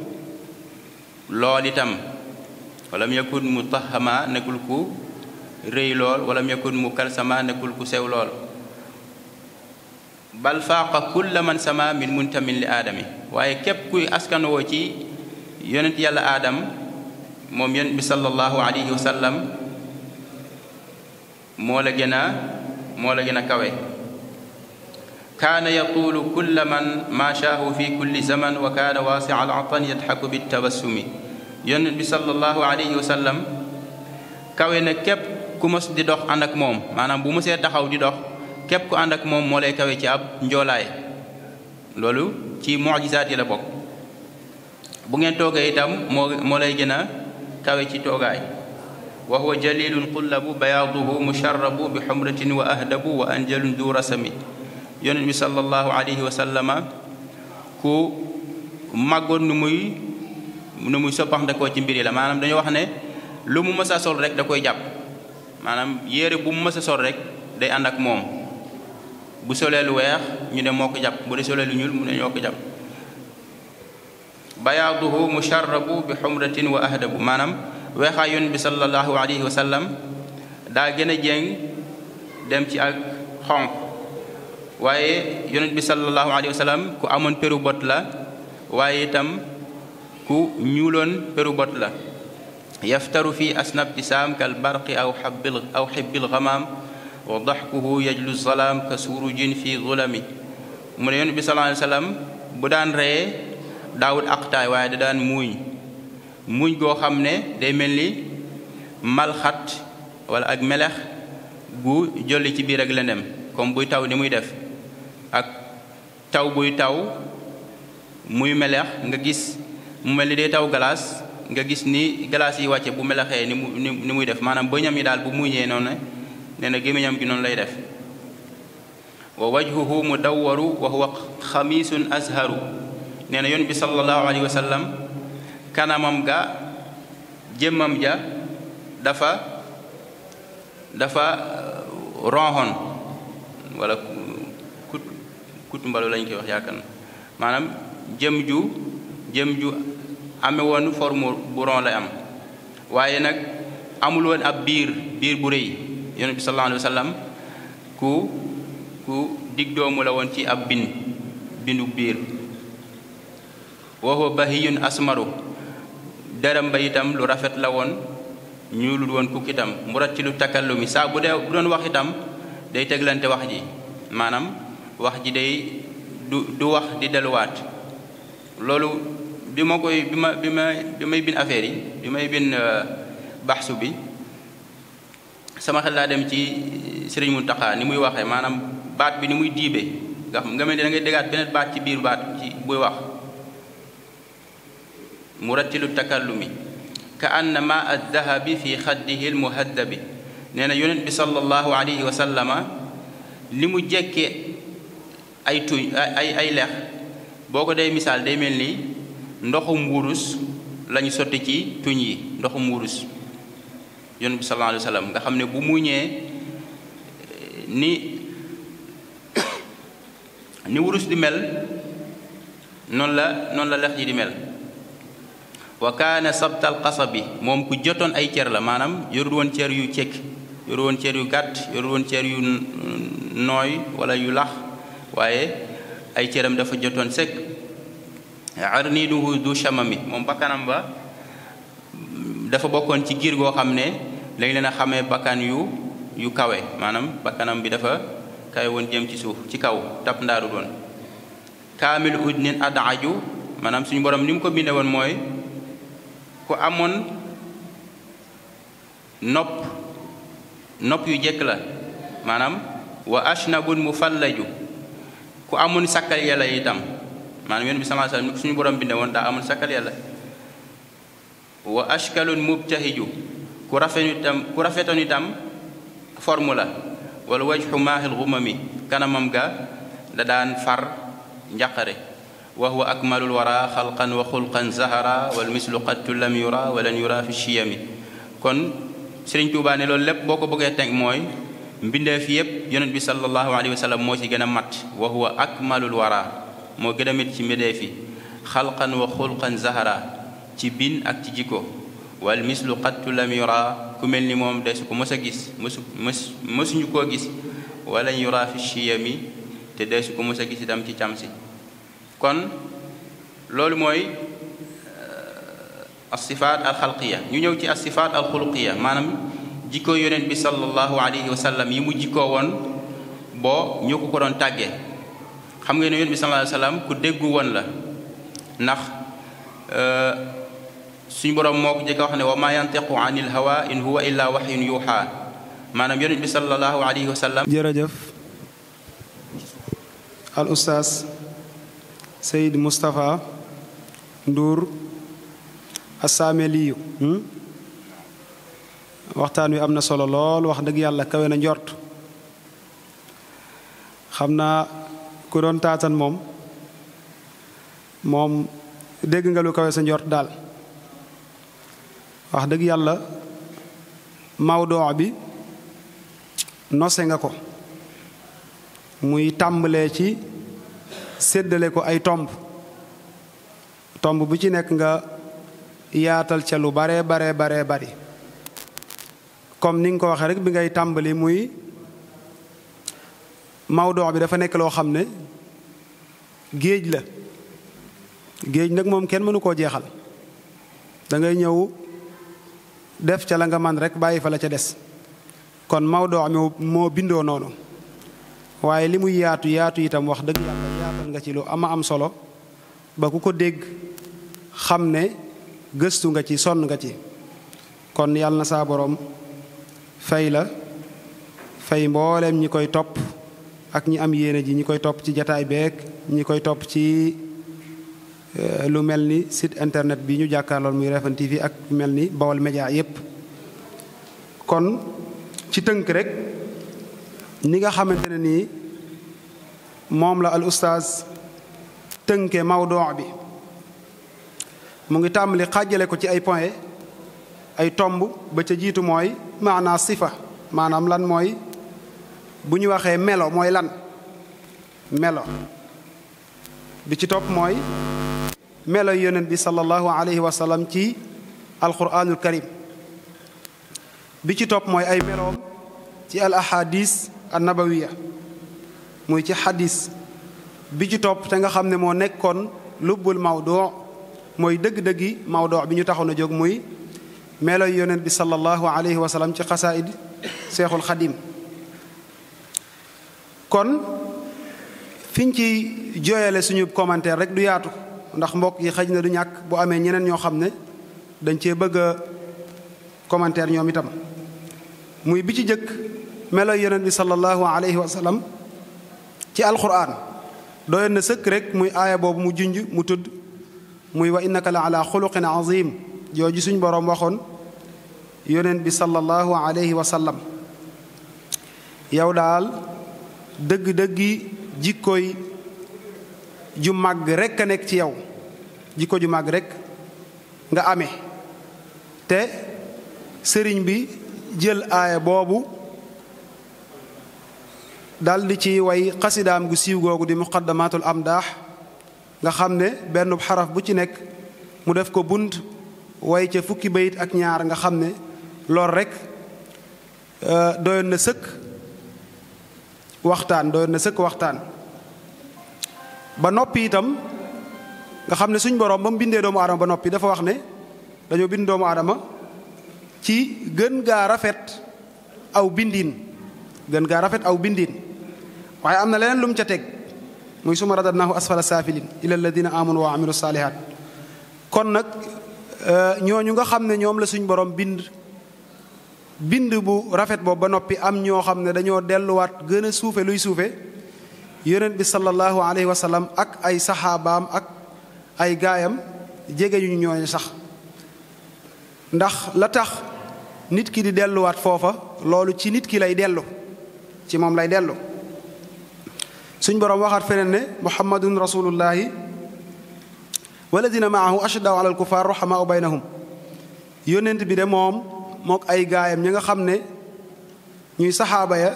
lol itam walam yakun mu nekul ku rëy lol walam yakun mukalsama nekul ku sew lol bal faqa kull man sama min muntamin li adami waaye képp kuy wo ci yonent yàlla adam mom yonent bi sallallahu alayhi wa sallam la gena mo la gena kawe كان يقول كل من ما شاه في كل زمن وكان واسع العطن يضحك بالتبسم يونس صلى الله عليه وسلم كاوينا كيب كومس دي دوخ اندك موم مانام بو موسي تخاو دي دوخ كيب كو اندك موم مولاي كاوي تي اب نجولاي لولو تي معجزات لا بوك بو نين توغي ايتام مولاي جينا كاوي تي توغاي وهو جليل قلب بياضه مشرب بحمرة وأهدب وأنجل ذو رسمي yonent bi sallallahu alayhi wa sallama ku màggoon nu muy nu muy soppaxndekoo ci mbir yi la maanaam dañoo wax ne lu mu mës a sol rek da koy jàpp maanaam yére bu mu mës a sol rek day ànd ak moom bu solee lu weex ñu ne moo ko jàpp bu dee solee lu ñuul mu ne ñoo ko jàpp bayaaduhu musharrabu bi xumratin wa ahdabu maanaam weexaay yonent bi sallallahu alayhi wa sallam daa gën a jéng dem ci ak xonq waaye yonent bi sallallahu alayhi wa sallam ku amoon peru bot la waaye itam ku ñuuloon peru bot la yaftaru fi asnab tisam kal barqi aw xabbil aw xibbil xamaam wa daxkuhu yajlu salaam ka surujin fi zulami mu ne yonent bi sallallahu alayhi wa sallam bu daan reyee daawut aqtaay waaye da daan muuñ muuñ goo xam ne day mel ni malxat wala ak melex gu jolli ci biir ak lëndem comme buy taw ni muy def ak taw buy taw muy melex nga gis mu mel ni day taw glace nga gis ni glace yi wàcce bu melaxee ni mu ni muy def maanaam bëñam yi daal bu muñee noonu nee na gémmiñam gi noonu lay def wa wajhuhu mudawwaru wa huwa xamiisun azharu nee na yoon bi sallallahu alayhi wa sallam kanamam ga jëmmam ja dafa dafa uh, ronxon wala tuuti mbalu lañ koy wax yakkan manam maanaam jëm ju jëm ju amé woon forme ron lay am waye nak amul won ab bir bir bu reuy yunus sallallahu alaihi wasallam ku ku dig doomu la won ci ab bin bindu bir wa huwa bahiyun asmaru daram ba itam lu rafet la won ñuulul won ku kitam murat ci lu takallumi sa bu de bu don wax itam day teglante wax ji manam wax ji day du du wax di delluwaat loolu bi ma koy bi ma bi ma bi may bin affaire yi bi may bin baxsu bi sama xel laa dem ci Serigne Muntaxa ni muy waxee maanaam baat bi ni muy diibee nga xam nga mel ni da ngay dégaat beneen baat ci biir baat ci buy wax murattilu takallumi ka anna ma addahabi fi xaddihi almuhaddabi nee na yonent bi sallallahu alayhi wa sallama li mu jekkee ay tuñ ay lex boo ko dee misaal day mel ni ndoxum wurus la sotti ci tuñ yi ndoxum wurus yonent bi sallallahu alayhi wa nga xam ne bu muñee ni ni wurus di mel noonu la noon la lex ji di mel wa kaana sabtal qasabi moom ku jotoon ay cer la maanaam yorul woon cer yu cekk yorul woon cer yu gàtt yorul woon cer yu nooy walla yu lax waaye ay cëram dafa jotoon sekk arniduhu du chamami moom bakkanam ba dafa bokkoon ci giir goo xam ne lañ leen a xamee bakkan yu yu kawe maanaam bakkanam bi dafa kawe woon jëm ci suuf ci kaw tap ndaaru doon kaamil udnin adaju maanaam suñu borom ni mu ko bindee woon mooy ku amoon nopp nopp yu jekk la maanaam wa ashna mu ashnabun mufallaju ku amoon sakkal yàlla itam maanaam yonent bi sallallahu alayhi wasallam ni suñu borom binde woon daa amoon sakkal yàlla wa ashkalun mubtahiju ku rafet itam ku rafetoon itam forme la wala wajhu kanamam ga da daan far njaqare wa huwa akmalul wara xalqan wa xulqan zahara wal mislu qattu lam yura walan yura fi shiyami kon Sëriñ Tuubaa loolu lépp boo ko bëggee teg mooy mbindeef yépp yonent bi sallallahu alayhi wa sallam moo ci gën a mat wa huwa akmalul wara moo gën a mit ci mbindeef fi xalqan wa xulqan zahara ci bin ak ci jikko wal mislu qattu lam yura ku mel ni moom desu ko mës a gis mësu koo gis wala yura fi shiyami te desu ko mës a gis itam ci cam si kon loolu mooy asifaat al xalqiya ñu ñëw ci asifaat al xuluqiya maanaam jikko yonent bi sallallahu alayhi wa yi mu jikkoo woon boo ñoo ko ko doon tàggee xam nga ni yonent bi sallallahu alayhi wa ku déggu woon la ndax euh, suñ boroom moo ko jëkk wax ne wa ma yantiqu anil hawa in huwa illa waxyun yuuxa maanaam yonent bi sallallahu alayhi wa sallam jërëjëf al ustaas Seyd Moustapha Ndour assaameliyu hmm? waxtaan wi am na solo lool wax dëgg yàlla kawe na njort xam naa ku doon taatan moom moom dégg nga lu kawe sa njort daal wax dëgg yàlla mawdoo bi nose nga ko muy tàmbalee ci séddale ko ay tomb tomb bu ci nekk nga yaatal ca lu bare bare bare bari comme ni nga ko bingai rek bi ngay tàmbali muy mawdoo bi dafa nekk loo xam ne géej la géej nag moom kenn mënu koo jeexal da ngay def ca la nga man rek bàyyi fa la ca des kon mawdoo mi mo bindo nono wa limu muy yaatu yaatu itam wax dëgg yàlla yaatal nga ci lu ama am solo ba ku ko dégg xam ne gëstu nga ci nga ci kon yàlla na saa fay la fay mboolem ñi koy topp ak ñi am yéene ji ñi koy topp ci jataay beeg ñi koy topp ci euh, lu mel ni sit internet bi ñu jàkkaarlool muy Refane TV ak mel ni Baol Média yépp kon ci tënk rek ni nga xamante ne nii moom la al ustaaz tënke mawdoo bi mu ngi tàmbali xàjjale ko ci ay point ay tomb ba ca jiitu mooy maanaa sifa maanaam lan mooy bu ñu waxee melo mooy lan melo bi ci topp mooy melo yonent bi sallallahu alayhi wa sallam ci alquranul karim bi ci topp mooy ay meloom ci al ahadis an muy ci xadis bi ci topp te nga xam ne moo nekkoon lu lubbul mawdoo mooy dëgg-dëggi mawdoo bi ñu taxoon a jóg muy melo yonent bi sallallahu alayhi wa sallam ci xasaayid seexul xadim kon fiñ ci jooyale suñu commentaire rek du yaatu ndax mbokk yi xaj na du ñàkk bu amee ñeneen ñoo xam ne dañ cee bëgg a commentaire ñoom itam muy bi ci jëkk melo yonent bi sallallahu alayhi wa sallam ci alquran doyoon na sëkk rek muy aaya boobu mu junj mu tudd muy wa innaka la ala xuluqin azim jooju suñ boroom waxoon yonent bi sallallahu alayhi wa yow daal dëgg-dëggi jikkooy ju màgg rekk a nekk ci yow jikko ju màgg rekk nga ame te sëriñ bi jël aaya boobu daldi ci way xasidaam gu siiw googu di am amdaax nga xam ne benn xaraf bu ci nekk mu def ko bunt way ca fukki bayit ak ñaar nga xam ne loolu rek euh, doyoon na sëkk waxtaan doyoon na sëkk waxtaan ba noppi itam nga xam ne suñ borom ba mu bindee doomu aadama ba noppi dafa wax ne dañoo bind doomu aadama ci gën gaa rafet aw bindiin gën gaa rafet aw bindiin waaye am na leneen lu mu ca teg muy suma radadnaahu asfala saafilin ila alladina amanu wa amilu saalihaat kon nag euh, ñooñu nga xam ne ñoom la suñ borom bind bind bu rafet boobu ba noppi am ñoo xam ne dañoo delluwaat gën a suufe luy suufe yonent bi sallallahu alayhi wa sallam ak ay saxaabaam ak ay gaayam jege ñu ñooñu sax ndax la tax nit ki di delluwaat foofa loolu ci nit ki lay dellu ci moom lay dellu suñ borom waxaat feneen ne muhammadun rasulullahi waladina maahu ashdaw ala alkufaar ruhamaau baynahum yonent bi de moom mook ay gaayam ñi nga xam ne ñuy saxaaba ya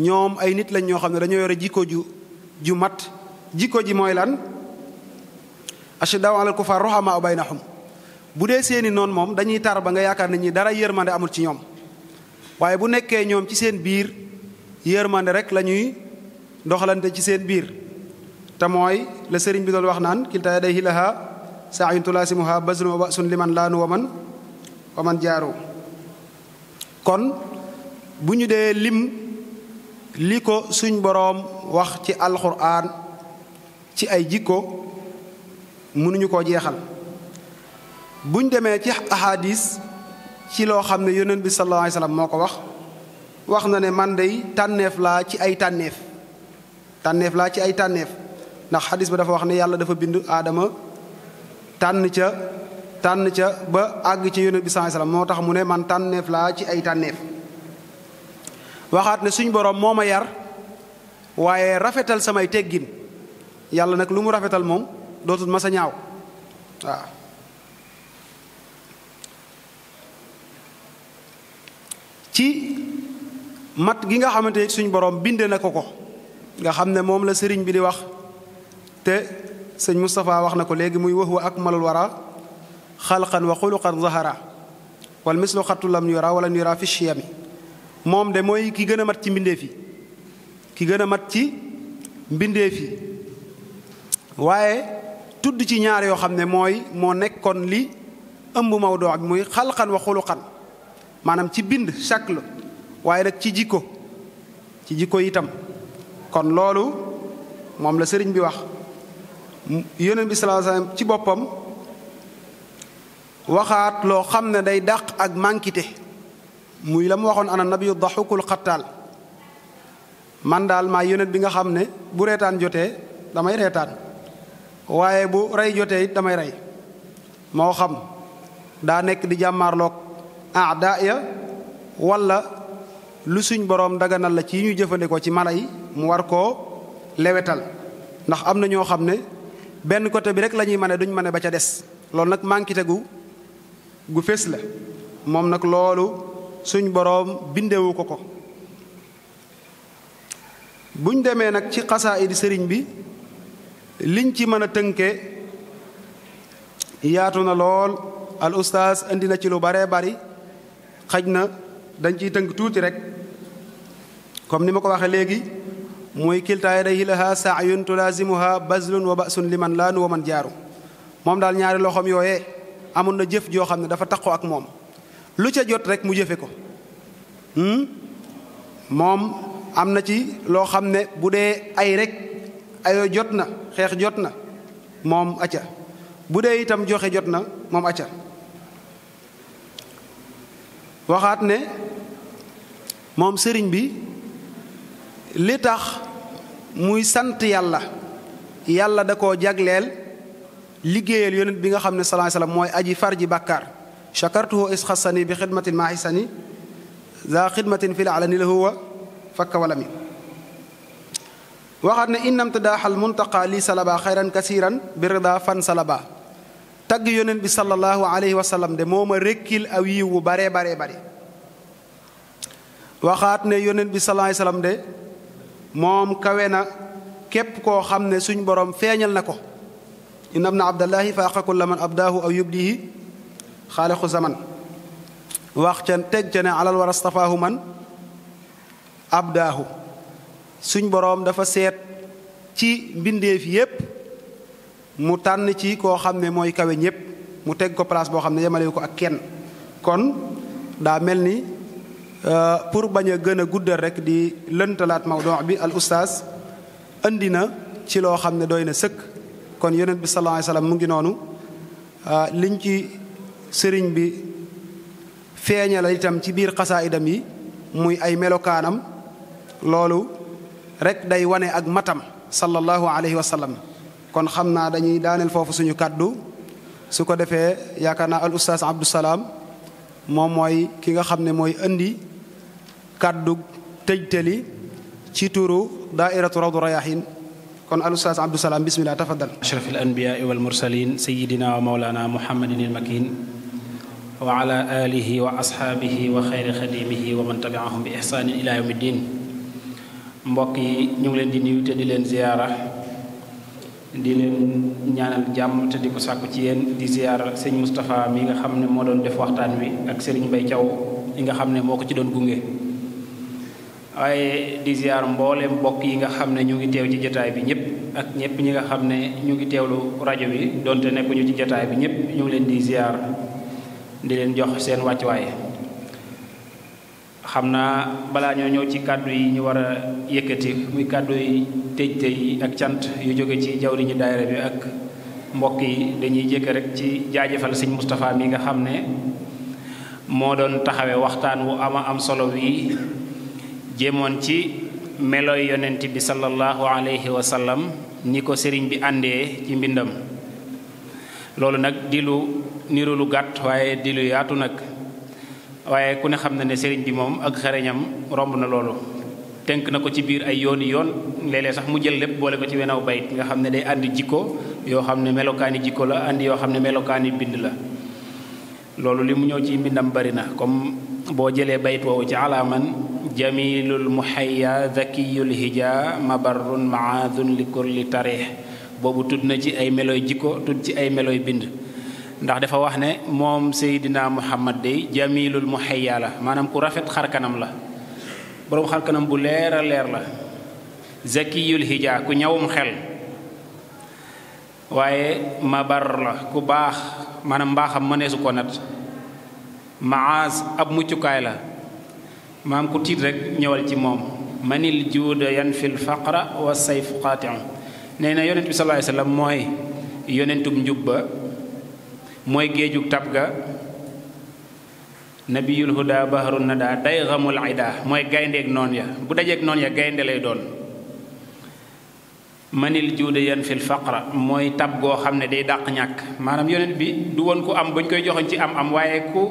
ñoom ay nit lañ ñoo xam ne dañoo yore jikko ju ju mat jikko ji mooy lan ashiddaa'u alal kufaar ruhamaa'u baynahum bu dee seeni noon moom dañuy tar ba nga yaakaar ne ñi dara yërmande amul ci ñoom waaye bu nekkee ñoom ci seen biir yërmande rek la ñuy doxalante ci seen biir te mooy la sëriñ bi doon wax naan kiltaa yadayhi lahaa saa'in tulaasimuhaa bazlun wa ba'sun liman laanu wa man wa man jaaru kon bu ñu dee lim li ko suñ boroom wax ci alxuraan ci ay jikko mënuñu koo jeexal buñ demee ci ahadis ci loo xam ne yoneen bi sallallahu alayhi wasallam moo ko wax wax na ne man dey tànneef laa ci ay tànneef tànneef laa ci ay tànneef ndax xadis ba dafa wax ne yàlla dafa bind aadama tànn ca tànn ca ba àgg ci yonent bi sallallahu alayhi moo tax mu ne man tànneef laa ci ay tànneef waxaat ne suñ boroom moo ma yar waaye rafetal samay teggin yàlla nag lu mu rafetal moom dootul ma sa ñaaw waaw ci mat gi nga xamante ne suñ boroom binde na ko ko nga xam ne moom la sëriñ bi di wax te sëñ Moustapha wax na ko léegi muy wax ak malul wara xalqan wa xuluqan zahara wal mislu xattu lam yura wala yura fi chiyami moom de mooy ki gën a mat ci mbindeef yi ki gën a mat ci mbindeef yi waaye tudd ci ñaar yoo xam ne mooy moo nekkoon li ëmb mawdoo bi muy xalqan wa xuluqan maanaam ci bind shakl waaye nag ci jikko ci jikko itam kon loolu moom la sëriñ bi wax yonent bi sallallahu alayhi wasallam ci boppam waxaat loo xam ne day dàq ak mànkite muy la mu waxoon a ana nabiyu daxukul xattaal man daal maa yonent bi nga xam ne bu reetaan jotee damay reetaan waaye bu rey jotee it damay rey moo xam daa nekk di jàmmaarloog aada ya wala lu suñ boroom daganal la ci ñuy jëfandikoo ci mala yi mu war koo lewetal ndax am na ñoo xam ne benn côté bi rek la ñuy mane duñ mane ba ca des loolu nag mànkite gu gu fees la moom nag loolu suñ boroom bindewu ko ko buñ demee nag ci xasaa xasaayidi sëriñ bi liñ ci mën a tënke yaatu na lool al ustaas indi na ci lu baree bari xaj na dañ ciy tënk tuuti rek comme ni ma ko waxee léegi muy kiltaay day hilaha saayun tulazimuha bazlun wa basun liman laanu wa man jaaru moom daal ñaari loxoom yooyee amoon na jëf joo xam ne dafa taqoo ak moom lu ca jot rek mu jëfe ko hmm? moom am na ci loo xam ne bu dee ay rek ayoo jot na xeex jot na moom acca bu dee itam joxe jot na moom acca waxaat ne moom sëriñ bi li tax muy sant yàlla yàlla da koo jagleel liggéeyal yonent bi nga xam ne salaay salaam mooy aji farji ji bàkkaar shakartuhu is xasani bi xidmatin maa xisani za xidmatin fi laalani lahu wa fakka walami waxaat ne innam tadaaxal muntaqa li salaba xayran kasiran bi rida fan salaba tagg yonent bi sallallahu alayhi wa de moo ma rekkil aw yiw wu baree bare waxaat ne yonent bi salaay salaam de moom kawe na képp koo suñ borom feeñal na إن ابن عبد الله فاق كل من أبداه أو يبديه خالق زمن واخجن تجن على الورى اصطفاه من أبداه سن بروم دفا سيت ci mbindeef yépp mu tànn ci koo xam ne mooy kawe ñépp mu teg ko place boo xam ne yemalewu ko ak kenn kon daa mel ni pour bañ a gën a guddal rek di lëntalaat mawdoo bi al ustaas indi na ci loo xam ne doy na sëkk kon yonent bi sallallahu alayhi wa sallam mu ngi noonu ah, liñ ci sëriñ bi feeñala itam ci biir xasaa idam yi muy ay melokaanam loolu rek day wane ak matam sallallahu alayhi wa sallam kon xam naa dañuy daaneel foofu suñu kàddu su ko defee yaakaar naa al ustaas Abdou Salaam moom mooy ki nga xam ne mooy indi kàddu tëjtali ci turu daairatu rawdu rayaahin كون الاستاذ عبد السلام بسم الله تفضل اشرف الانبياء والمرسلين سيدنا ومولانا محمد المكين وعلى اله واصحابه وخير خديمه ومن تبعهم باحسان الى يوم الدين مبوكي نيو لين دي نيو تدي لين زياره دي لين نيانال جام تدي كو ساكو تي يين دي زياره سيغ مصطفى ميغا خامني مودون ديف وقتان وي اك سيرن باي تياو ايغا خامني موكو تي دون غونغي waaye di ziar mboolem mbokk yi nga xam ne ñu ngi teew ci jataay bi ñëpp ak ñëpp ñi nga xam ne ñu ngi teewlu rajo bi donte nekkuñu ci jataay bi ñëpp ñu leen di ziar di leen jox seen wàccuwaay xam naa balaa ñoo ñëw ci kàddu yi ñu war a yëkkati muy kàddu yi tëj tëj yi ak cant yu jóge ci jawriñu daayira bi ak mbokk yi dañuy jëkk rek ci jaajëfal siñ Moustapha mi nga xam ne moo doon taxawee waxtaan wu ama am solo wi jemon ci melo yonent bi sallallahu alayhi wa sallam ni ko sëriñ bi ande ci mbindam lolou nak wae lu niru lu gat waye dilu lu nak waye ku ne xamna ne serign bi mom ak xereñam romb na lolou tenk na ko ci bir ay yoni yon lele sax mu jël lepp bolé ko ci wénaw bayit nga xamne day jiko yo xamne melokani jiko la yo xamne melokani bind la lolou limu ci mbindam bari comme bo jëlé bayit wo ci alaman جميل المحيا ذكي الهجا مبر معاذ لكل تاريخ boobu tudd na ci ay melooy jikko tudd ci ay melooy ndax dafa wax ne moom Seydina Muhammad day jamilul muhayya la maanaam ku rafet xarkanam la borom xarkanam bu leer a leer la zakiyul hija ku ñawum xel waaye mabar la ku baax maanaam mbaaxam mëneesu ko nat maaz ab muccukaay la maam ku tiit rek ñëwal ci moom manil juuda yan fil faqra wa sayf qaatiun nee na yonent bi sallallahu mooy yonentub njub ba mooy géejug tab ga nabiyul huda baharun nada day xamul ida mooy gayndeeg noon ya bu dajeeg noon ya gaynde lay doon manil juuda yan fil faqra mooy tab goo xam ne day dàq ñàkk maanaam yonent bi du woon ku am buñ koy joxoñ ci am am waaye ku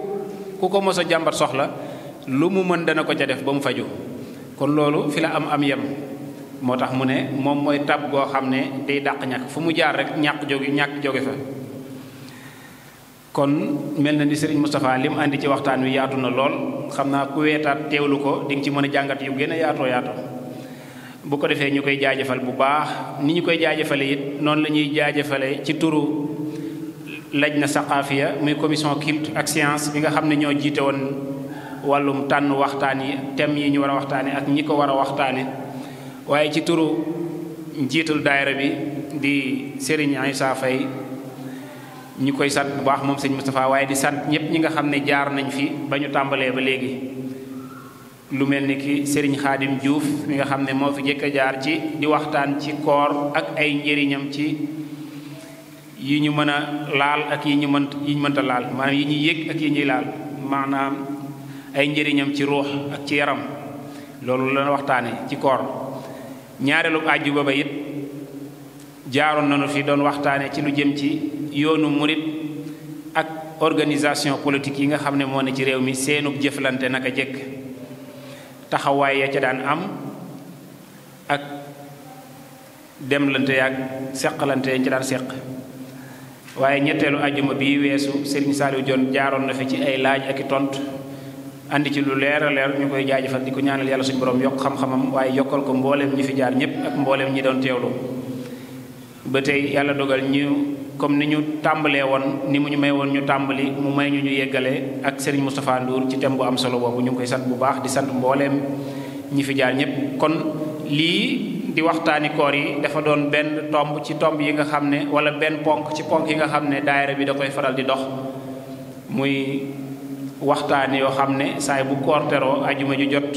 ku ko mos jàmbat soxla lu mu mën dana ko ca def ba mu faju kon loolu fi la am am yem moo tax mu ne moom mooy tab goo xam ne day dàq ñàkk fu mu jaar rek ñàkk jóge ñàkk jóge fa kon mel na ni Serigne Moustapha li mu andi ci waxtaan wi yaatu na lool xam naa ku weetaat teewlu ko di ci mën a jàngat yu gën a yaatoo yaatoo bu ko defee ñu koy jaajëfal bu baax ni ñu koy jaajëfale it noonu lañuy ñuy ci turu laj na saqaafiya muy commission culte ak science bi nga xam ne ñoo jiite woon wàllum tànn waxtaan yi temm yi ñu war a waxtaane ak ñi ko war a waxtaane waaye ci turu njiitul daayira bi di Serigne Aïssa Faye ñu koy sant bu baax moom sëñ Moustapha waaye di sant ñëpp ñi nga xam ne jaar nañ fi ba ñu tàmbalee ba léegi lu mel ni ki sëriñ xaadim juuf ñi nga xam ne moo fi njëkk jaar ci di waxtaan ci koor ak ay njëriñam ci yi ñu mën a laal ak yi ñu mën yi ñu mënta laal maanaam yi ñuy yëg ak yi ñuy laal maanaam ay njëriñam ci ruux ak ci yaram loolu la waxtaane ci koor ñaareelu àjjuma ba it jaaroon nañu fi doon waxtaane ci lu jëm ci yoonu murit ak organisation politique yi nga xam ne moo ne ci réew mi seenub jëflante naka jekk taxawaay ya ca daan am ak demlante yaag seqalante ya ca daan seq waaye ñetteelu àjjuma bi weesu Serigne Saliou Dione jaaroon na fi ci ay laaj ak i tontu andi ci lu leer leer ñu koy jaajëfal di ko ñaanal yàlla suñu borom yokk xam-xamam waaye yokkal ko mbooleem ñi fi jaar ñëpp ak mbooleem doon teewlu tey yàlla dogal ñu comme ni ñu tàmbalee woon ni mu ñu may woon ñu tàmbali mu may ñu ñu yeggale ak Serigne Moustapha Ndour ci bu am solo boobu ñu ngi koy sant bu baax di sant mbooleem ñi fi jaar ñëpp kon lii di waxtaani koor yi dafa doon benn tomb ci tomb yi nga xam ne wala benn ponk ci ponk yi nga xam ne daayira bi da koy faral di dox muy waxtaan yoo xam ne saay bu koorteroo ajuma ju jot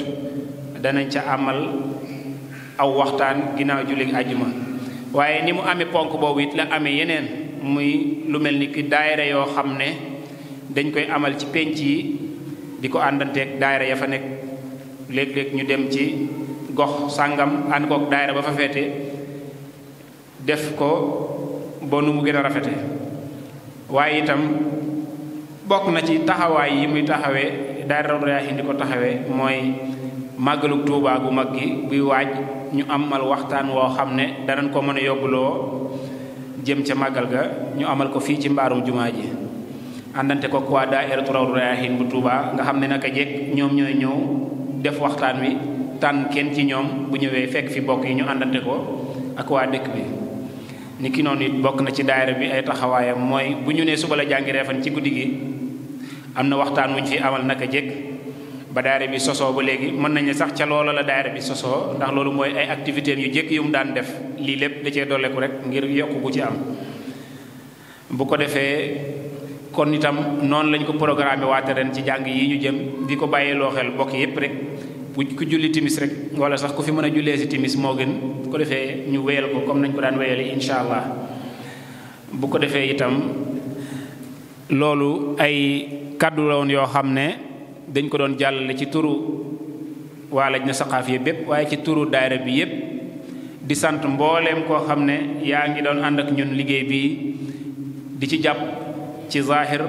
danañ ca amal aw waxtaan ginnaaw julli ajuma waaye ni mu amee ponk boobu it la amee yeneen muy lu mel ni ki daayira yoo xam ne dañ koy amal ci pénc yi di ko àndanteeg daayira ya fa nekk léeg-léeg ñu dem ci gox sàngam ànd kook daayira ba fa fete def ko ba nu mu gën a rafete waaye itam bokk na ci taxawaay yi muy taxawee daayira Rawdu Rayaahiin di ko taxawee mooy màggalu Tuubaa gu mag gi buy waaj ñu amal waxtaan woo xam ne danañ ko mën a yóbbuloo jëm ca màggal ga ñu amal ko fii ci mbaarum jumaa ji àndante ko waa daayiratu Rawdu Rayaahiin bu Tuubaa nga xam ne naka jekk ñoom ñooy ñëw def waxtaan wi tànn ci ñoom bu ñëwee fekk fi bokk yi ñu àndante ko ak waa dëkk bi ni ki noonu it bokk na ci daayar bi ay taxawaayam mooy bu ñu nee suba la jàngi reefan ci guddi gi am na waxtaan wu ñu fi amal naka jekk ba daayira bi sosoo ba léegi mën nañu sax ca loola la daayira bi sosoo ndax loolu mooy ay activités yu jëkk yu mu daan def lii lépp da cee dolleku rek ngir yokku ku ci am bu ko defee kon itam noonu lañ ko programme waate ren ci jàng yi ñu jëm di ko bàyyi loo xel bokk yépp rek bu ku julli timis rek wala sax ku fi mën a jullee si timis moo gën bu ko defee ñu wéyal ko comme nañ ko daan wéyale incha allah bu ko defee itam kàddu la woon yoo xam ne dañ ko doon jàllale ci turu waa laj na saqaafiya bépp waaye ci turu daayira bi yépp di sant mbooleem koo xam ne yaa ngi doon ànd ak ñun liggéey bi di ci jàpp ci zaahir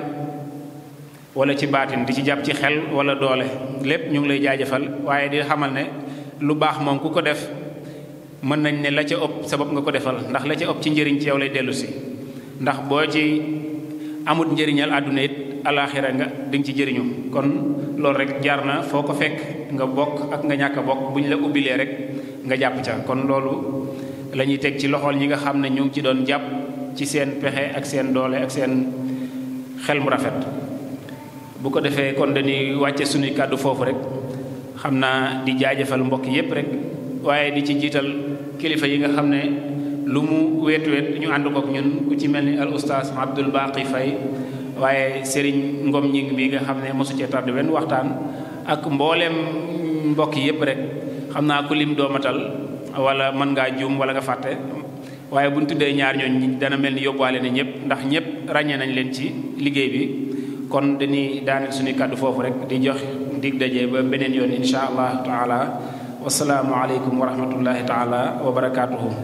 wala ci baatin di ci jàpp ci xel wala doole lépp ñu ngi lay jaajëfal waaye di xamal ne lu baax moom ku ko def mën nañ ne la ca ëpp sa bopp nga ko defal ndax la ca ëpp ci njëriñ ci yow lay dellu ndax boo ci amut njëriñal àdduna it alaxira nga di ci jëriñu kon loolu rek jaar na foo ko fekk nga bokk ak nga ñàkk a bokk bu ñu la ubbilee rek nga jàpp ca kon loolu lañuy teg ci loxool ñi nga xam ne ñu ngi ci doon jàpp ci seen pexe ak seen doole ak seen xel mu rafet bu ko defee kon dañuy wàcce suñuy kàddu foofu rek xam naa di jaajëfal mbokk yépp rek waaye di ci jiital kilifa yi nga xam ne lu mu weet weet ñu ànd kook ñun ku ci mel ni al oustaz Abdul Baqi fay waaye sering Ngom ñi bi nga xam ne mosu cee tardé wenn waxtaan ak mbooleem mbokk yépp rek xam naa ku lim doomatal wala man ngaa juum wala nga fàtte waaye buñ ñu tuddee ñaar ñooñ dana mel ni yóbbaale na ñëpp ndax ñëpp ràññee nañ leen ci liggéey bi kon dañuy daaneel suñu kaddu foofu rek di jox dig daje ba beneen yoon insha allah taala wasalaamu alaykum wa rahmatullahi taala wa barakaatuhu